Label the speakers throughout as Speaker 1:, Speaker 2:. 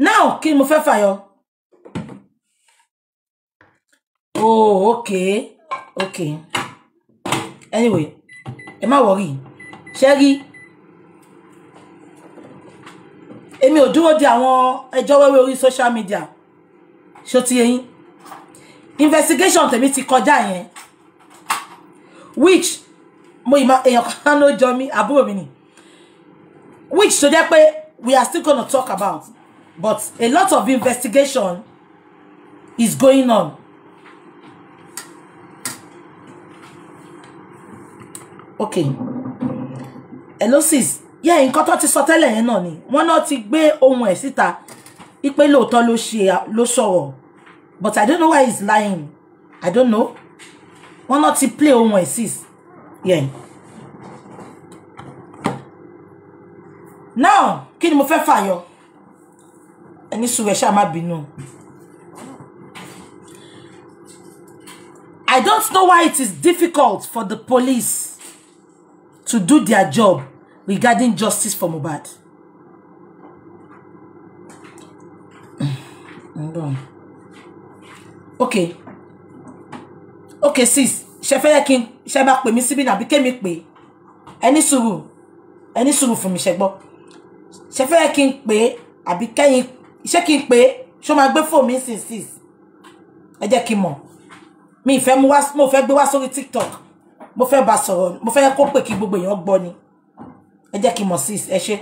Speaker 1: now kí ni mo fẹ́ fàyọ. oh okay okay anyway ẹ má wọrí ṣe rí èmi ò dúró de àwọn ẹjọ́ wẹ́wẹ́ orí social media ṣó ti yẹn investigation tèmi ti kọjá yẹn which mo ìmọ̀ èèyàn kan ló jọ mí àbúrò mi ni which tó jẹ́ pé we are still gonna talk about but a lot of investigation is going on. Okay. Hello sis. Yeah, nǹkan tó ti sọ tẹ́lẹ̀ yẹn náà ni. Wọ́n náà ti gbé ohun ẹ̀ síta. Ipe lóòótọ́ ló ṣe ló sọ̀rọ̀. But I don't know why he's lying. I don't know. Wọ́n náà ti play ohun ẹ̀ sis. Yeah. Now, kí ni mo fẹ́ fàyọ? ní sùúrù ẹ ṣáà má I don't know why it is difficult for the police to do their job regarding justice for Mohbad. Hold on. Okay. Okay, sis. Ṣé fẹ́ yẹ kí n ṣe bá pè mí síbí nàbí kémi pè ẹ ní sùúrù ẹ ní sùúrù fún mi ṣe gbọ́. Ṣé fẹ́ yẹ kí n pè àbí ṣé kí n pè ṣó máa gbé fóònù mi six six ẹ jẹ́ kí n mọ̀ mi ìfẹ́ mo fẹ́ gbé wá sórí tiktok mo fẹ́ bá sọ̀rọ̀ mo fẹ́ kó pè kí gbogbo èèyàn gbọ́ ni ẹ jẹ́ kí n mọ̀ six ẹ ṣe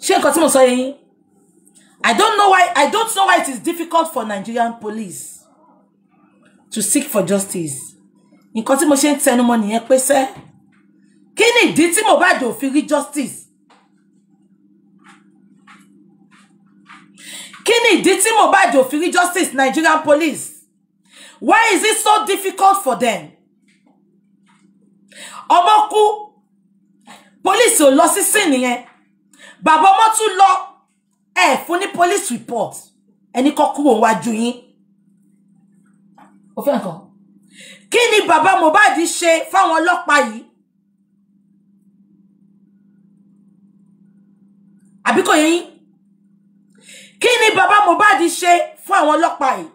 Speaker 1: ṣé nǹkan tí mo sọ yẹn I don't know why I don't know why it is difficult for Nigerian police to seek for justice nǹkan tí mo ṣe ń tẹnumọ́ nìyẹn pé sẹ́ kí ni ìdí tí Mohbad ò fi rí justice Kini ni ìdí tí Mohbad ò fi justice Nigerian police why is it so difficult for them ọmọ kú police ò lọ sí sí nìyẹn bàbá ọmọ tún lọ ẹ fún ní police report ẹni kọ́ kúrò wájú yín ó fẹ́ nǹkan kí ni bàbá Mohbad ṣe fáwọn ọlọ́pàá yìí àbí kò yín kí ni bàbá Mohbad ṣe fún àwọn ọlọ́pàá yìí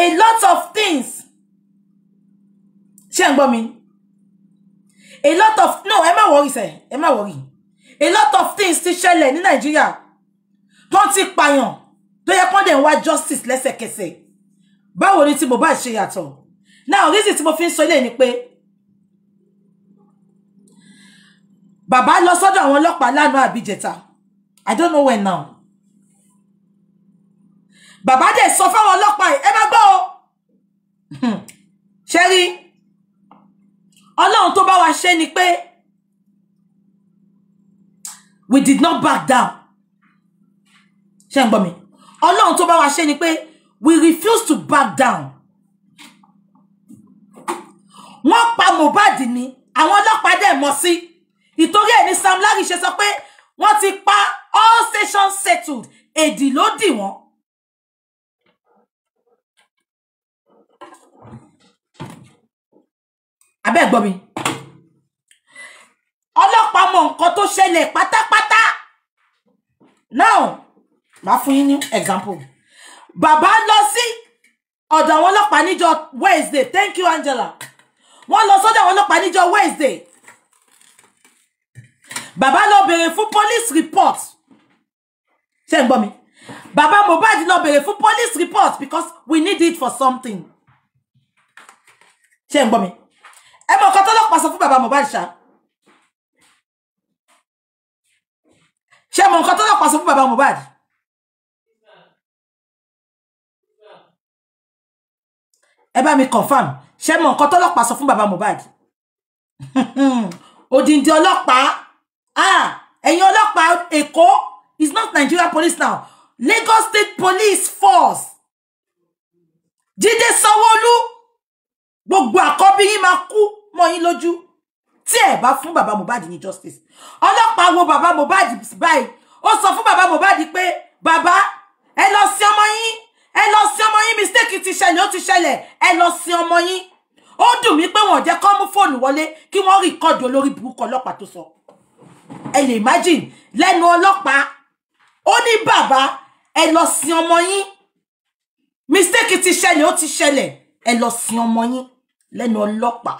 Speaker 1: a lot of things ṣé ń gbọ́ mi a lot of no ẹ má wọrí sẹ ẹ má wọrí a lot of things ti ṣẹlẹ̀ ní Nàìjíríà tó ti pààyàn tó yẹ kó dẹ̀ ń wá justice lẹ́sẹ̀kẹsẹ̀ báwo ni tí Mohbad ṣe yàtọ̀ now reason tí mo fi ń sọ ilé ni pé bàbá lọ sọ́dọ̀ àwọn ọlọ́pàá lánàá àbíjẹta i don't know when now bàbá dẹ̀ sọ fáwọn ọlọ́pàá ẹ má gbọ́ o hmm. ṣe rí ọlọ́run tó bá wa ṣe ni pé we did not back down ṣe ń gbọ́ mi ọlọ́run tó bá wa ṣe ni pé we refuse to back down wọ́n pa Mohbad ni àwọn ọlọ́pàá dẹ̀ mọ̀ sí. Si ìtorí ẹ̀ ní Sam Larry ṣe sọ pé wọ́n ti pa all stations settled èdì ló dì wọ́n. abẹ́ gbọ́ mi ọlọ́pàá mọ nǹkan tó ṣẹlẹ̀ pátápátá now máa fún yín ní example bàbá lọ sí ọ̀dọ̀ àwọn ọlọ́pàá níjọ́ Wednesday thank you Angela wọ́n lọ sọ́dọ̀ àwọn ọlọ́pàá níjọ́ Wednesday Baba lọ bèrè fún police report ṣé Bomi. Baba mi bàbá Mohbad lọ police report because we need it for something Bomi. ń gbọ́ mi ẹ mọ̀ nǹkan tọ́lọ́pàá sọ fún bàbá Mohbad ṣá ṣé mọ̀ nǹkan tọ́lọ́pàá sọ fún bàbá Mohbad ẹ bá mi confam ṣé mọ̀ nǹkan tọ́lọ́pàá sọ fún bàbá Mohbad odindi pa ah ẹ̀yin ọlọ́pàá èkó it's not Nigeria police now Lagos State Police Force Jídé Sanwó-Olú gbogbo àkọ́bí yín máa kú mọ́ yín lójú tí ẹ bá fún bàbá Mohbad ní justice ọlọ́pàá wo bàbá Mohbad báyìí ó sọ fún bàbá Mohbad pé bàbá ẹ lọ sí ọmọ yín ẹ lọ sí ọmọ yín mistake ti ṣẹlẹ̀ ó ti ṣẹlẹ̀ ẹ lọ sí ọmọ yín ó dùn mí pé wọn ò jẹ́ kó mú fóònù wọlé kí wọ́n rí kọ́ọ̀dù olórí burúkú ọlọ́pàá tó sọ ẹ lè imagine lẹ́nu ọlọ́pàá ó ní bàbá ẹ lọ sin ọmọ yín mistake ti ṣẹlẹ̀ ó ti ṣẹlẹ̀ ẹ lọ sin ọmọ yín lẹ́nu ọlọ́pàá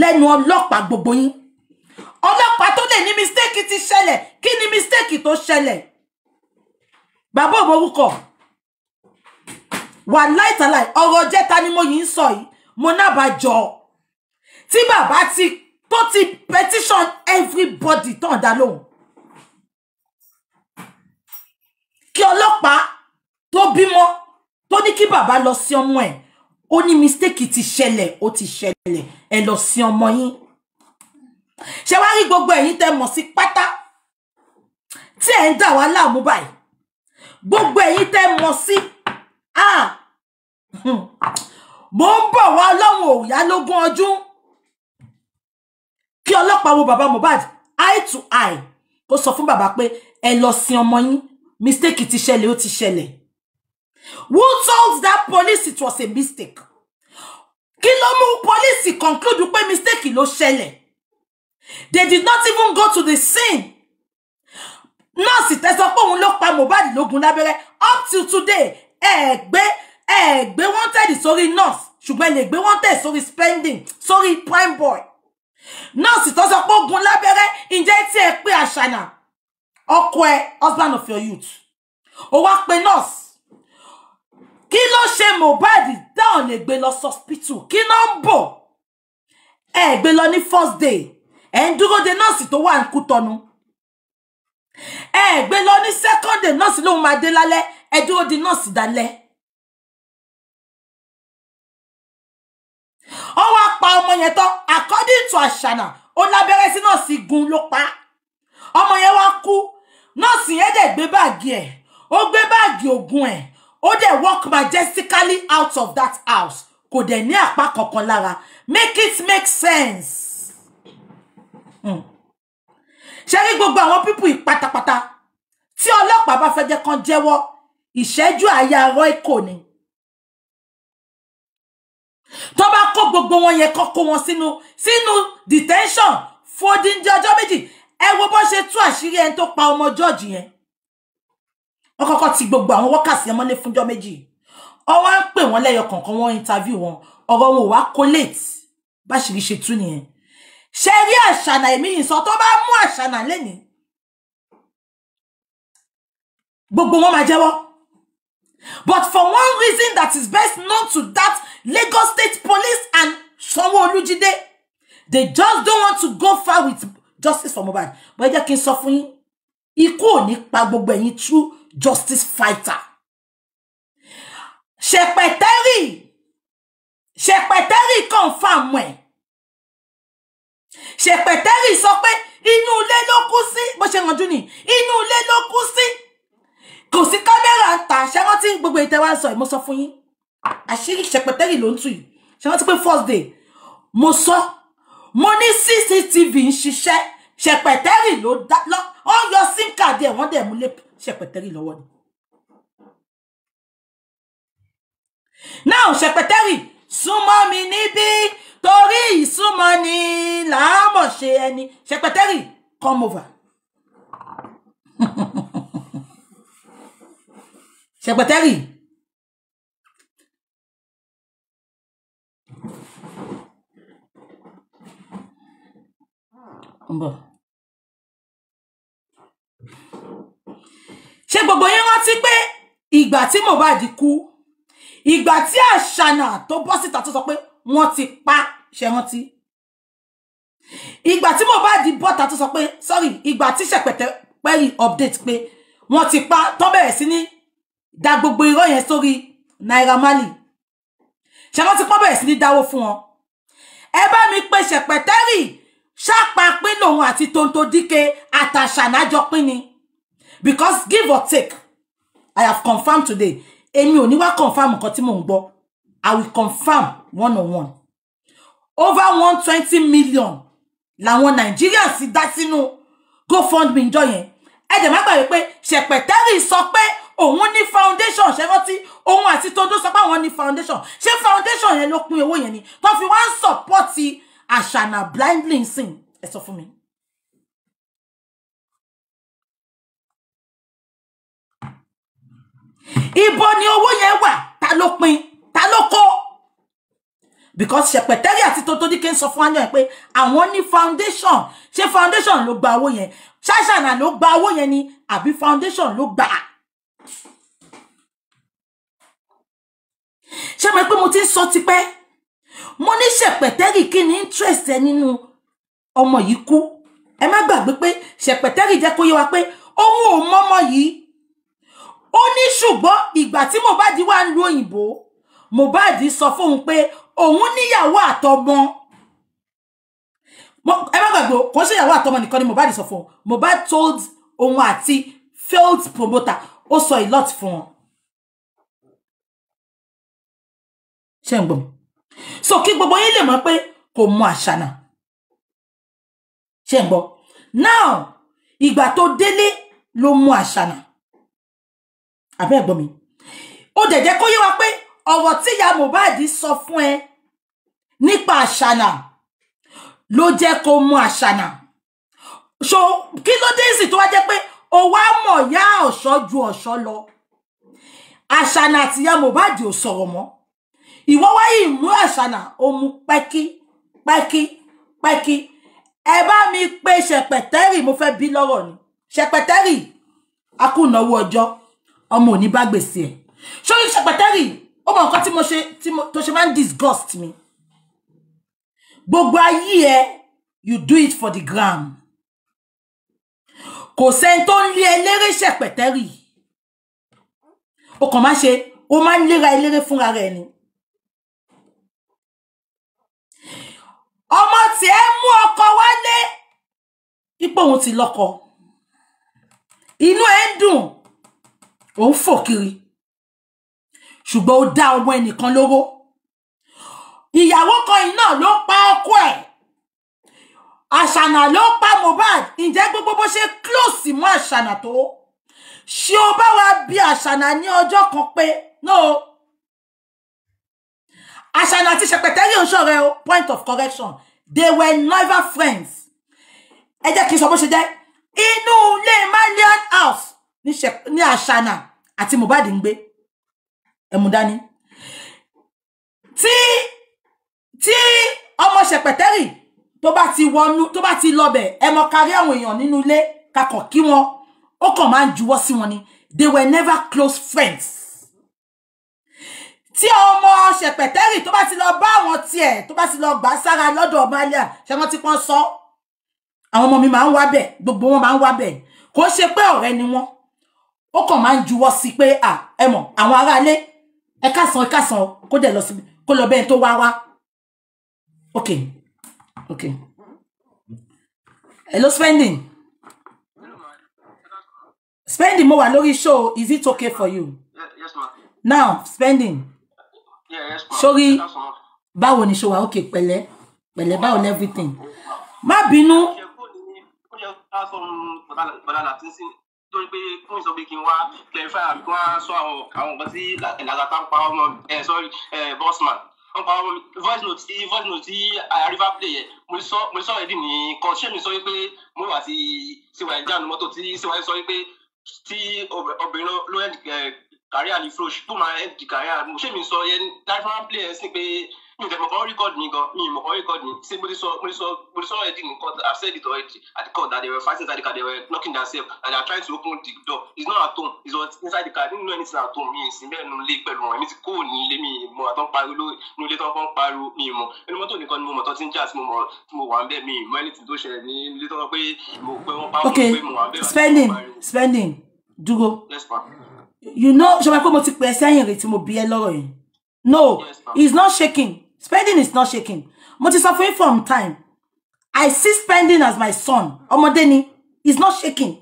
Speaker 1: lẹ́nu ọlọ́pàá gbogbo yín ọlọ́pàá tó lè ní mistake ti ṣẹlẹ̀ kí ni mistake tó ṣẹlẹ̀ bàbá òmòwúkọ wà láìtàláì ọ̀rọ̀ jẹta ni mo yìí ń sọ yìí mo náà bá jọ tí bàbá ti But he petition everybody tán alone. lóhùn kí ọlọ́pàá tó bímọ tó ní kí bàbá lọ sí ọmọ ẹ̀ mistake ti ṣẹlẹ̀ ó ti ṣẹlẹ̀ ẹ lọ sí ọmọ yín ṣe wá rí gbogbo ẹ̀yin tẹ́ mọ̀ sí pátá tí ẹ̀ ń dà wá láàmú báyìí gbogbo ẹ̀yin tẹ́ mọ̀ sí ah, hmm, mo ń bọ̀ wá ọlọ́run òòyà lógún kí ọlọ́pàá wo bàbá Mohbad eye to eye kó sọ fún bàbá pé ẹ lọ sin ọmọ yín mistake ti ṣẹlẹ̀ ó ti ṣẹlẹ̀ who told that police it was a mistake kí ló mú police conclude pé mistake ló ṣẹlẹ̀ they did not even go to the scene nọ́ọ̀sì tẹ́sọ pé òun ló pa Mohbad lógun lábẹ́rẹ́ up till today ẹ ẹ gbé ẹ ẹ gbé wanted Sorry, nurse ṣùgbọ́n ẹ lè gbé wanted Sorry, spending Sorry, prime boy nọ́ọ̀sì tó sọ pé ó gún lábẹ́rẹ́ ǹjẹ́ tí ẹ pé àṣàyàn ọkọ ẹ husband of your youth ó wá pe nọ́ọ̀sì kí ló ṣe Mohbad dáhùn lè gbé lọ sọ́spítù kí ló ń bọ̀ ẹ gbé lọ first day ẹ ń dúró de nọ́ọ̀sì tó wà ní Kútọ́nù ẹ gbé lọ ní second day nọ́ọ̀sì lòun máa dé lálẹ́ ẹ dúró de nọ́ọ̀sì dálẹ́. ó wá pa ọmọ yẹn tán according to àṣànà ó lábẹ́rẹ́ sí nọ́ọ̀sì gun ló pa ọmọ yẹn wá kú nọ́ọ̀sì yẹn dẹ̀ gbé báàgì ẹ̀ ó gbé báàgì ògùn ẹ̀ ó dẹ̀ walk majestically out of that house kò dẹ̀ ní àpá kankan lára make it make sense. Hmm. ṣe rí gbogbo àwọn pípù ìpátápátá tí ọlọ́pàá bá fẹ́ jẹ́ kan jẹ́wọ́ ìṣẹ́jú àyà rọ́ìkò ni. Mm tó bá kó gbogbo wọn yẹn kó kó wọn sínú sínú detention fòdìndí ọjọ́ méjì ẹ wo bó ṣe tú àṣírí ẹni tó pa ọmọ George yẹn wọ́n kọ́kọ́ ti gbogbo àwọn wọ́kàsí ẹ mọ́lé fúnjọ́ méjì ọwọ́ ń pè wọ́n lẹ́yọ kọ̀ọ̀kan wọ́n interview wọn ọ̀rọ̀ wọn ò wá collate báṣìírí ṣe tú nìyẹn ṣe rí àṣànà èmi yìí sọ tó bá mú àṣànà lẹ́nìí gbogbo wọn máa jẹ́wọ́ But for one reason that is best known to that Lagos State Police and Sanwo-Olu Jide, they just don't want to go far with justice for Mohbad. But they jẹ́ kí n sọ fún yín, ikú ò ní pa gbogbo ẹ̀yin true justice fighter. Ṣèpẹ̀tẹ́rì Ṣèpẹ̀tẹ́rì confam ẹ̀. Ṣèpẹ̀tẹ́rì sọ pé inú ilé ló kú sí bó ṣe rànjú ni inú ilé ló kú sí kò sí kámẹ́rà ń ta ṣé wọ́n ti ń gbogbo ìtẹ́ wá sọ ẹ̀ mo sọ fún yín àṣírí ṣẹpẹtẹ́rì ló ń tù yìí ṣé wọ́n ti pé first day mo sọ mo ní cctv ń ṣiṣẹ́ ṣẹpẹtẹ́rì ló dá lọ ó yọ sim card ẹ̀ wọ́n dẹ̀ mú lé ṣẹpẹtẹ́rì lọ́wọ́ ni. now ṣẹpẹtẹ́rì súnmọ́ mi níbí torí ìsúnmọ́ ni làámọ̀ ṣe ẹni ṣẹpẹtẹ́rì come over. sẹpẹtẹrì bọ̀. ṣé gbogbo yín rántí pé ìgbà tí Mohbad kú ìgbà tí àṣànà tó bọ́ síta tó sọ pé wọ́n ti pa ṣe rántí ìgbà tí Mohbad bọ́ta tó sọ pé sorry ìgbà tí ṣẹ̀pẹ̀tẹ̀ pẹ́rì update pé wọ́n ti pa tó bẹ̀rẹ̀ sí ní da gbogbo irọ́ yẹn sórí Naira Marley ṣe wọ́n ti pọ́n bẹ̀rẹ̀ sí ní dáwó fún wọn ẹ bá mi pe ṣẹ̀pẹ̀tẹ́rì ṣàpá pín lòun àti tonto díke àtàṣànájọ pín ni because give or take I have confirmed today èmi ò ní wá confirm nǹkan tí mò ń gbọ́ I will confirm one on one over one twenty million làwọn Nàìjíríà sì dá sínú GoFundMe ìjọ yẹn ẹ jẹ̀ má gbàgbé pé ṣẹ̀pẹ̀tẹ́rì sọ pé òun ní foundation ṣe rántí òun àti todó sọ pé àwọn ní foundation ṣé foundation yẹn ló pín owó yẹn ni tó fi wá ń sọpọ́tì àṣànà blindly sìn ẹ sọ fún mi. ibo ni owó yẹn wà ta ló pín ta ló kó because ṣẹpẹtẹrì àti totodike ń sọ fún anyọ yẹn pé àwọn ní foundation ṣé foundation ló gba owó yẹn ṣáṣànà ló gba owó yẹn ni àbí foundation ló gbà á. ṣé mo pé mo ti ń sọ tipẹ́ mo ní ṣèpẹ̀tẹ́rì kí ni interest ẹ nínú ọmọ yìí kú ẹ má gbàgbé pé ṣèpẹ̀tẹ́rì jẹ́ kó yé wa pé òun ò mọ́mọ yìí ó ní ṣùgbọ́n ìgbà tí Mohbad wà ń lu òyìnbó Mohbad sọ fóun pé òun níyàwó àtọmọ ẹ má gbàgbé kò ṣe àtọmọ nìkan ni Mohbad sọ fún Mohbad told òun àti failed promoter ó sọ a lot fún wọn ṣe ń gbọ́n so kí gbogbo yín lè mọ̀ pé kò mọ àṣànà ṣe ń gbọ́ now ìgbà tó délé ló mú àṣànà àbẹ́ ẹ̀gbọ́n mi ó dẹ̀ jẹ́ kó yé wa pé ọ̀rọ̀ tí ìyá Mohbad sọ fún ẹ nípa àṣànà ló jẹ́ kó mú àṣànà so kí ló dé sì tó wá jẹ́ pé ó wá mọ̀ yá ọ̀ṣọ́ ju ọ̀ṣọ́ lọ àṣànà àti ìyá Mohbad ò sọ̀rọ̀ mọ́ ìwọ wá ìlú ẹ̀sánà òmu pẹ́kí pẹ́kí pẹ́kí ẹ bá mi pe ṣẹpẹtẹ́rì mo fẹ́ bí lọ́rọ̀ ni ṣẹpẹtẹ́rì akúnáwó ọjọ́ ọmọ òní bá gbèsè ẹ̀ ṣóyí ṣẹpẹtẹ́rì ó mọ nǹkan tí mo ṣe tí mo tó ṣe máa ń disgust mi gbogbo ayé ẹ you do it for the gram kò sẹ́ni tó ń lé eléré ṣẹpẹtẹ́rì o kàn máa ṣe o máa ń léra eléré fúnra rẹ ni ọmọ tí ẹ mú ọkọ wálé ipò òun ti lọ́kọ inú ẹ ń dùn òun fò kiri ṣùgbọ́n ó dá ọmọ ẹnìkan lóró ìyàwó kan iná ló pa ọkọ ẹ̀ àṣànà ló pa Mohbad ǹjẹ́ gbogbo bó ṣe close mọ́ àṣànà tó ṣé o bá wa bí àṣànà ní ọjọ́ kan pé náà. No àṣànà àti ṣèpẹtẹ́rì ń ṣọ̀rẹ́ o point of correction they were never friends ẹ jẹ́ kí n sọ bó ṣe jẹ́ inú ilé malian house ní àṣànà àti Mohbad ń gbé ẹ̀mú dání tí tí ọmọ ṣèpẹtẹ́rì tó bá ti wọnú tó bá ti lọbẹ̀ ẹ mọ kárí àwọn èèyàn nínú ilé kakọ̀ kí wọn ó kàn máa ń juwọ́ sí wọn ni they were never close friends tí ọmọ ṣèpẹ̀tẹ́rì tó bá ti lọ bá àwọn tiẹ̀ tó bá ti lọ gbà sára lọ́dọ̀ ọmọ alẹ́ ṣé wọ́n ti pọ́n sọ àwọn ọmọ mi máa ń wá bẹ̀ gbogbo wọn máa ń wá bẹ̀ kò ṣe pé ọ̀rẹ́ ni wọ́n ó kàn máa ń juwọ́ sí pé à ẹ mọ̀ àwọn aráalé ẹ kásán ẹ kásán kó dẹ̀ lọ síbi kó lọ bẹ́ẹ̀ tó wá wá ok ok hello spending spending mo wà lórí show is it okay for you yes, ma now spending sórí báwo ni ṣe wà ókè pẹ̀lẹ́ báwo ni everything má bínú. ó yẹ ká sọ bàdà láti sí
Speaker 2: torí pé fún ìsọ n wá sọ àwọn àwọn nǹkan tí làgàtà ń pa ọmọ sorry bossman wọ́n pa ọmọ voice note tí voice note tí àríwá play yẹ mo sọ mo sọ kan ṣé mi sọ pé mo wà ti ṣèwà ẹ̀dí àná mọ́tò tí ṣèwà ẹ̀ sọ pé tí obìnrin ló ẹ̀ career lè flow máa help the career mo ṣé mi sọ yẹn diamond play ẹ sí pé mi ìdẹ̀mọ̀ kan record mi gan mi ìmọ̀ kan record mi ṣé mo ti sọ mo ti sọ mo ti sọ already in that they were fighting inside they were knocking themselves and they are trying to open the door it's not at home it's not inside the car I didn't know anything mi ìsìn bẹ́ẹ̀ nu ilé pẹ̀lú wọn èmi ti kó ní ilé mi ìmọ̀ àtọ́ pariwo ló nu ilé tó ń mi ìmọ̀ ẹni mọ́tò
Speaker 1: nìkan ni mo mọ̀ ti ń jà tí mo mọ̀ tí okay spending spending dúró. yes you know ṣọba pé mo ti pè ẹ́ sẹ́yìn rè mo bi ẹ́ lọ́rọ̀ yìí no it's not shaking spending is not shaking mo ti sọ fún from time i see spending as my son ọmọdé ni it's not shaking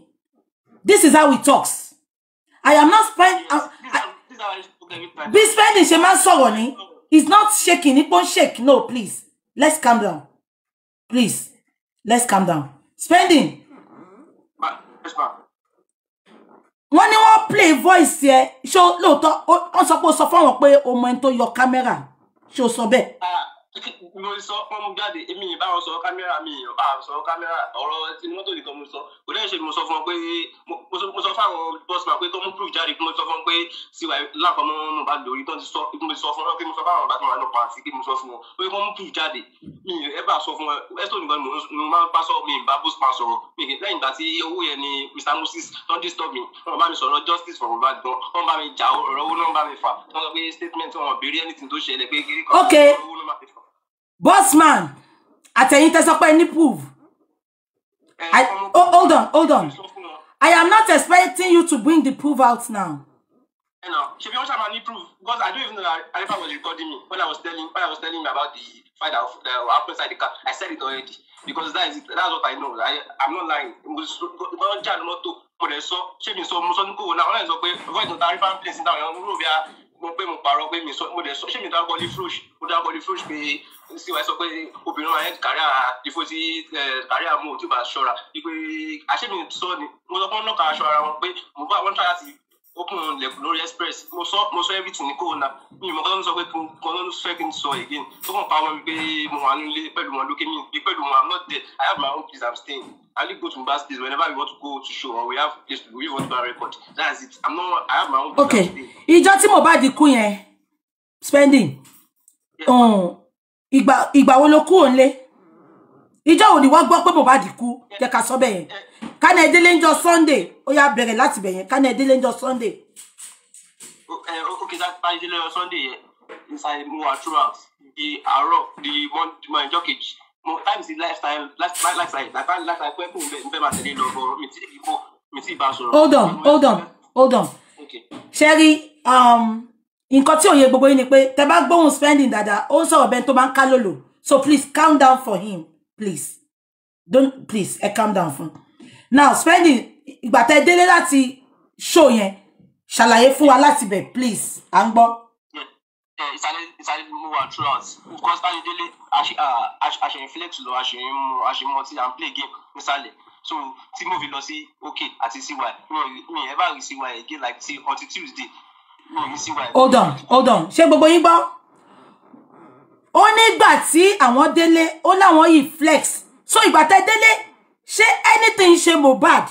Speaker 1: this is how he talks i am not spend Be spending ṣe máa ń sọ̀rọ̀ ni it's not shaking nípò won't shake no please let's calm down please let's calm down spending. wọ́n ní wọ́n play voice ẹ ṣó lóòótọ́ wọ́n sọ pé ó sọ fáwọn pé o mọ ẹni tó yọ kámẹ́rà ṣé o sọ bẹ́ẹ̀. Ah, mo sọ wọn mú jáde èmi yìí báwọn sọ kámẹ́rà
Speaker 2: mi yìí bá sọ kámẹ́rà ọ̀rọ̀ ti mọ́tò nìkan mo sọ kò dẹ́n ṣe mo sọ fún wọn pé mo sọ fáwọn bọ́sùmá pé tó mú proof jáde mo sọ fún wọn pé tiwa lápamọ́ mo bá lórí tó ti sọ mo sọ fún wọn pé mo sọ fáwọn bàtà wọn pa sí pé mo sọ fún wọn pé wọ́n mú jáde mi ẹ bá sọ fún wọn ẹ̀sọ́ nìkan mo máa bá sọ mi bá bọ́sùmá sọ
Speaker 1: máa fi fà bossman àtẹ̀yìn tẹ́ sọ pé ní proof I, oh, hold on hold on I am not expecting you to bring the proof out now.
Speaker 2: You know, she won't have any proof because I don't even know that Arifa was recording me when I was telling when I was telling him about the fight that happened uh, inside the car. I said it already because that is that's what I know. I I'm not lying. Gbọ́n jà lọ́tò mo lè sọ ṣé mi sọ mo sọ ní kò wò náà wọ́n lè sọ pé voice note Arifa ń place ní táwọn èèyàn ń rò mo pé mo parọ́ pé mi sọ mo dẹ̀ sọ ṣé mi dárúkọ ní flush mo dárúkọ ní flush pé sí wa sọ pé obìnrin wa yẹn kárí à ìfò sí kárí à mo ò tí ì pé àṣé mi sọ ni mo sọ fún ọlọ́kà aṣọ ara wọn pé mo bá wọn tọ́ láti ó kún lẹ̀kùn lórí express mo sọ
Speaker 1: mo sọ everything ní kóòna mi ìmọ̀ kan ló ń sọ pé kan ló ń fẹ́ kí n sọ again tó kàn pa wọn wípé mo
Speaker 2: wà nílé pẹ̀lú wọn lókè mi bí pẹ̀lú wọn i'm not there i have my own place i'm staying i only go to Mohbad's place
Speaker 1: whenever we want to go to show or we have place to go we want to go record that's it i'm not i have my own place okay ìjọ tí Mohbad kú yẹn spending ìgbà ìgbà wo ló kú òun lé ìjọ òní wá gbọ́ pé Mohbad kú jẹ́ ká sọ bẹ́ẹ̀ eh, kánà ẹdílé ń jọ sunday ó yá bẹ̀rẹ̀ láti bẹ̀yẹn kánà ẹdílé ń jọ sunday.
Speaker 2: ok kánà ẹdílé ń jọ sunday yẹn inside mo wà throughout di àárọ̀ di monday ọjọ́ kejì mo times di lifestyle lifestyle lifestyle lifestyle pé kò n fẹ́ máa tẹ̀lé lọ bọ̀ mi ti ìbò mi ti ìbá sọ̀rọ̀. hold on
Speaker 1: hold on hold on ṣẹ́rí um, nǹkan tí òye gbogbo yín ni pé tẹ bá gbóhùn spending dáadáa ó ń sọ̀rọ̀ bẹ́ẹ̀ tó máa ń ká lòlò so please calm down for him please don't please ẹ calm down for. un now spending ìgbà tẹ́ délé láti show yẹn ṣàlàyé fún wa láti bẹ̀ please à ń gbọ́. ìsàlẹ̀ ìsàlẹ̀ mo wà throughout because táyé délé
Speaker 2: àṣẹ reflex lọ àṣẹ mu àṣẹ mu ọtí and play game nísàlẹ̀ so tí mo fi lọ sí ok àti cy mi ẹ bá rí cy
Speaker 1: again like ti ọtí tuesday mi ò rí cy. hold on hold on ṣé gbogbo yín gbọ́ ó nígbà tí àwọn délé ó láwọn yìí flex so ìgbà tẹ́ délé ṣé anything ṣe bad.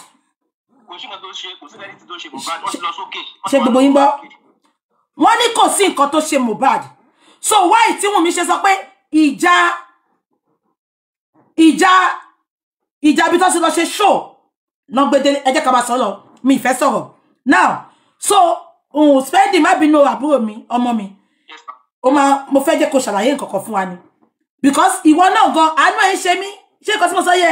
Speaker 1: kò sí nǹkan tó ṣe kò sí anything tó ṣe Mohbad wọ́n ti lọ sókè. ṣe gbogbo yín gbọ́ wọ́n ní kò sí nǹkan tó ṣe Mohbad so why tí Wùnmí ṣe sọ pé ìjà ìjà ìjà bí tó ṣe lọ ṣe show lọ́gbẹ́dẹ́ ẹjẹ́ ká máa sọ lọ mi ìfẹ́ sọ̀rọ̀ now so òun spending má bínú àbúrò mi ọmọ mi ó máa mo fẹ́ jẹ́ kó ṣàlàyé nǹkan kan fún wa ni because ìwọ náà gan àánú ẹ̀ ń ṣe mí ṣé nǹkan tí mo sọ yẹ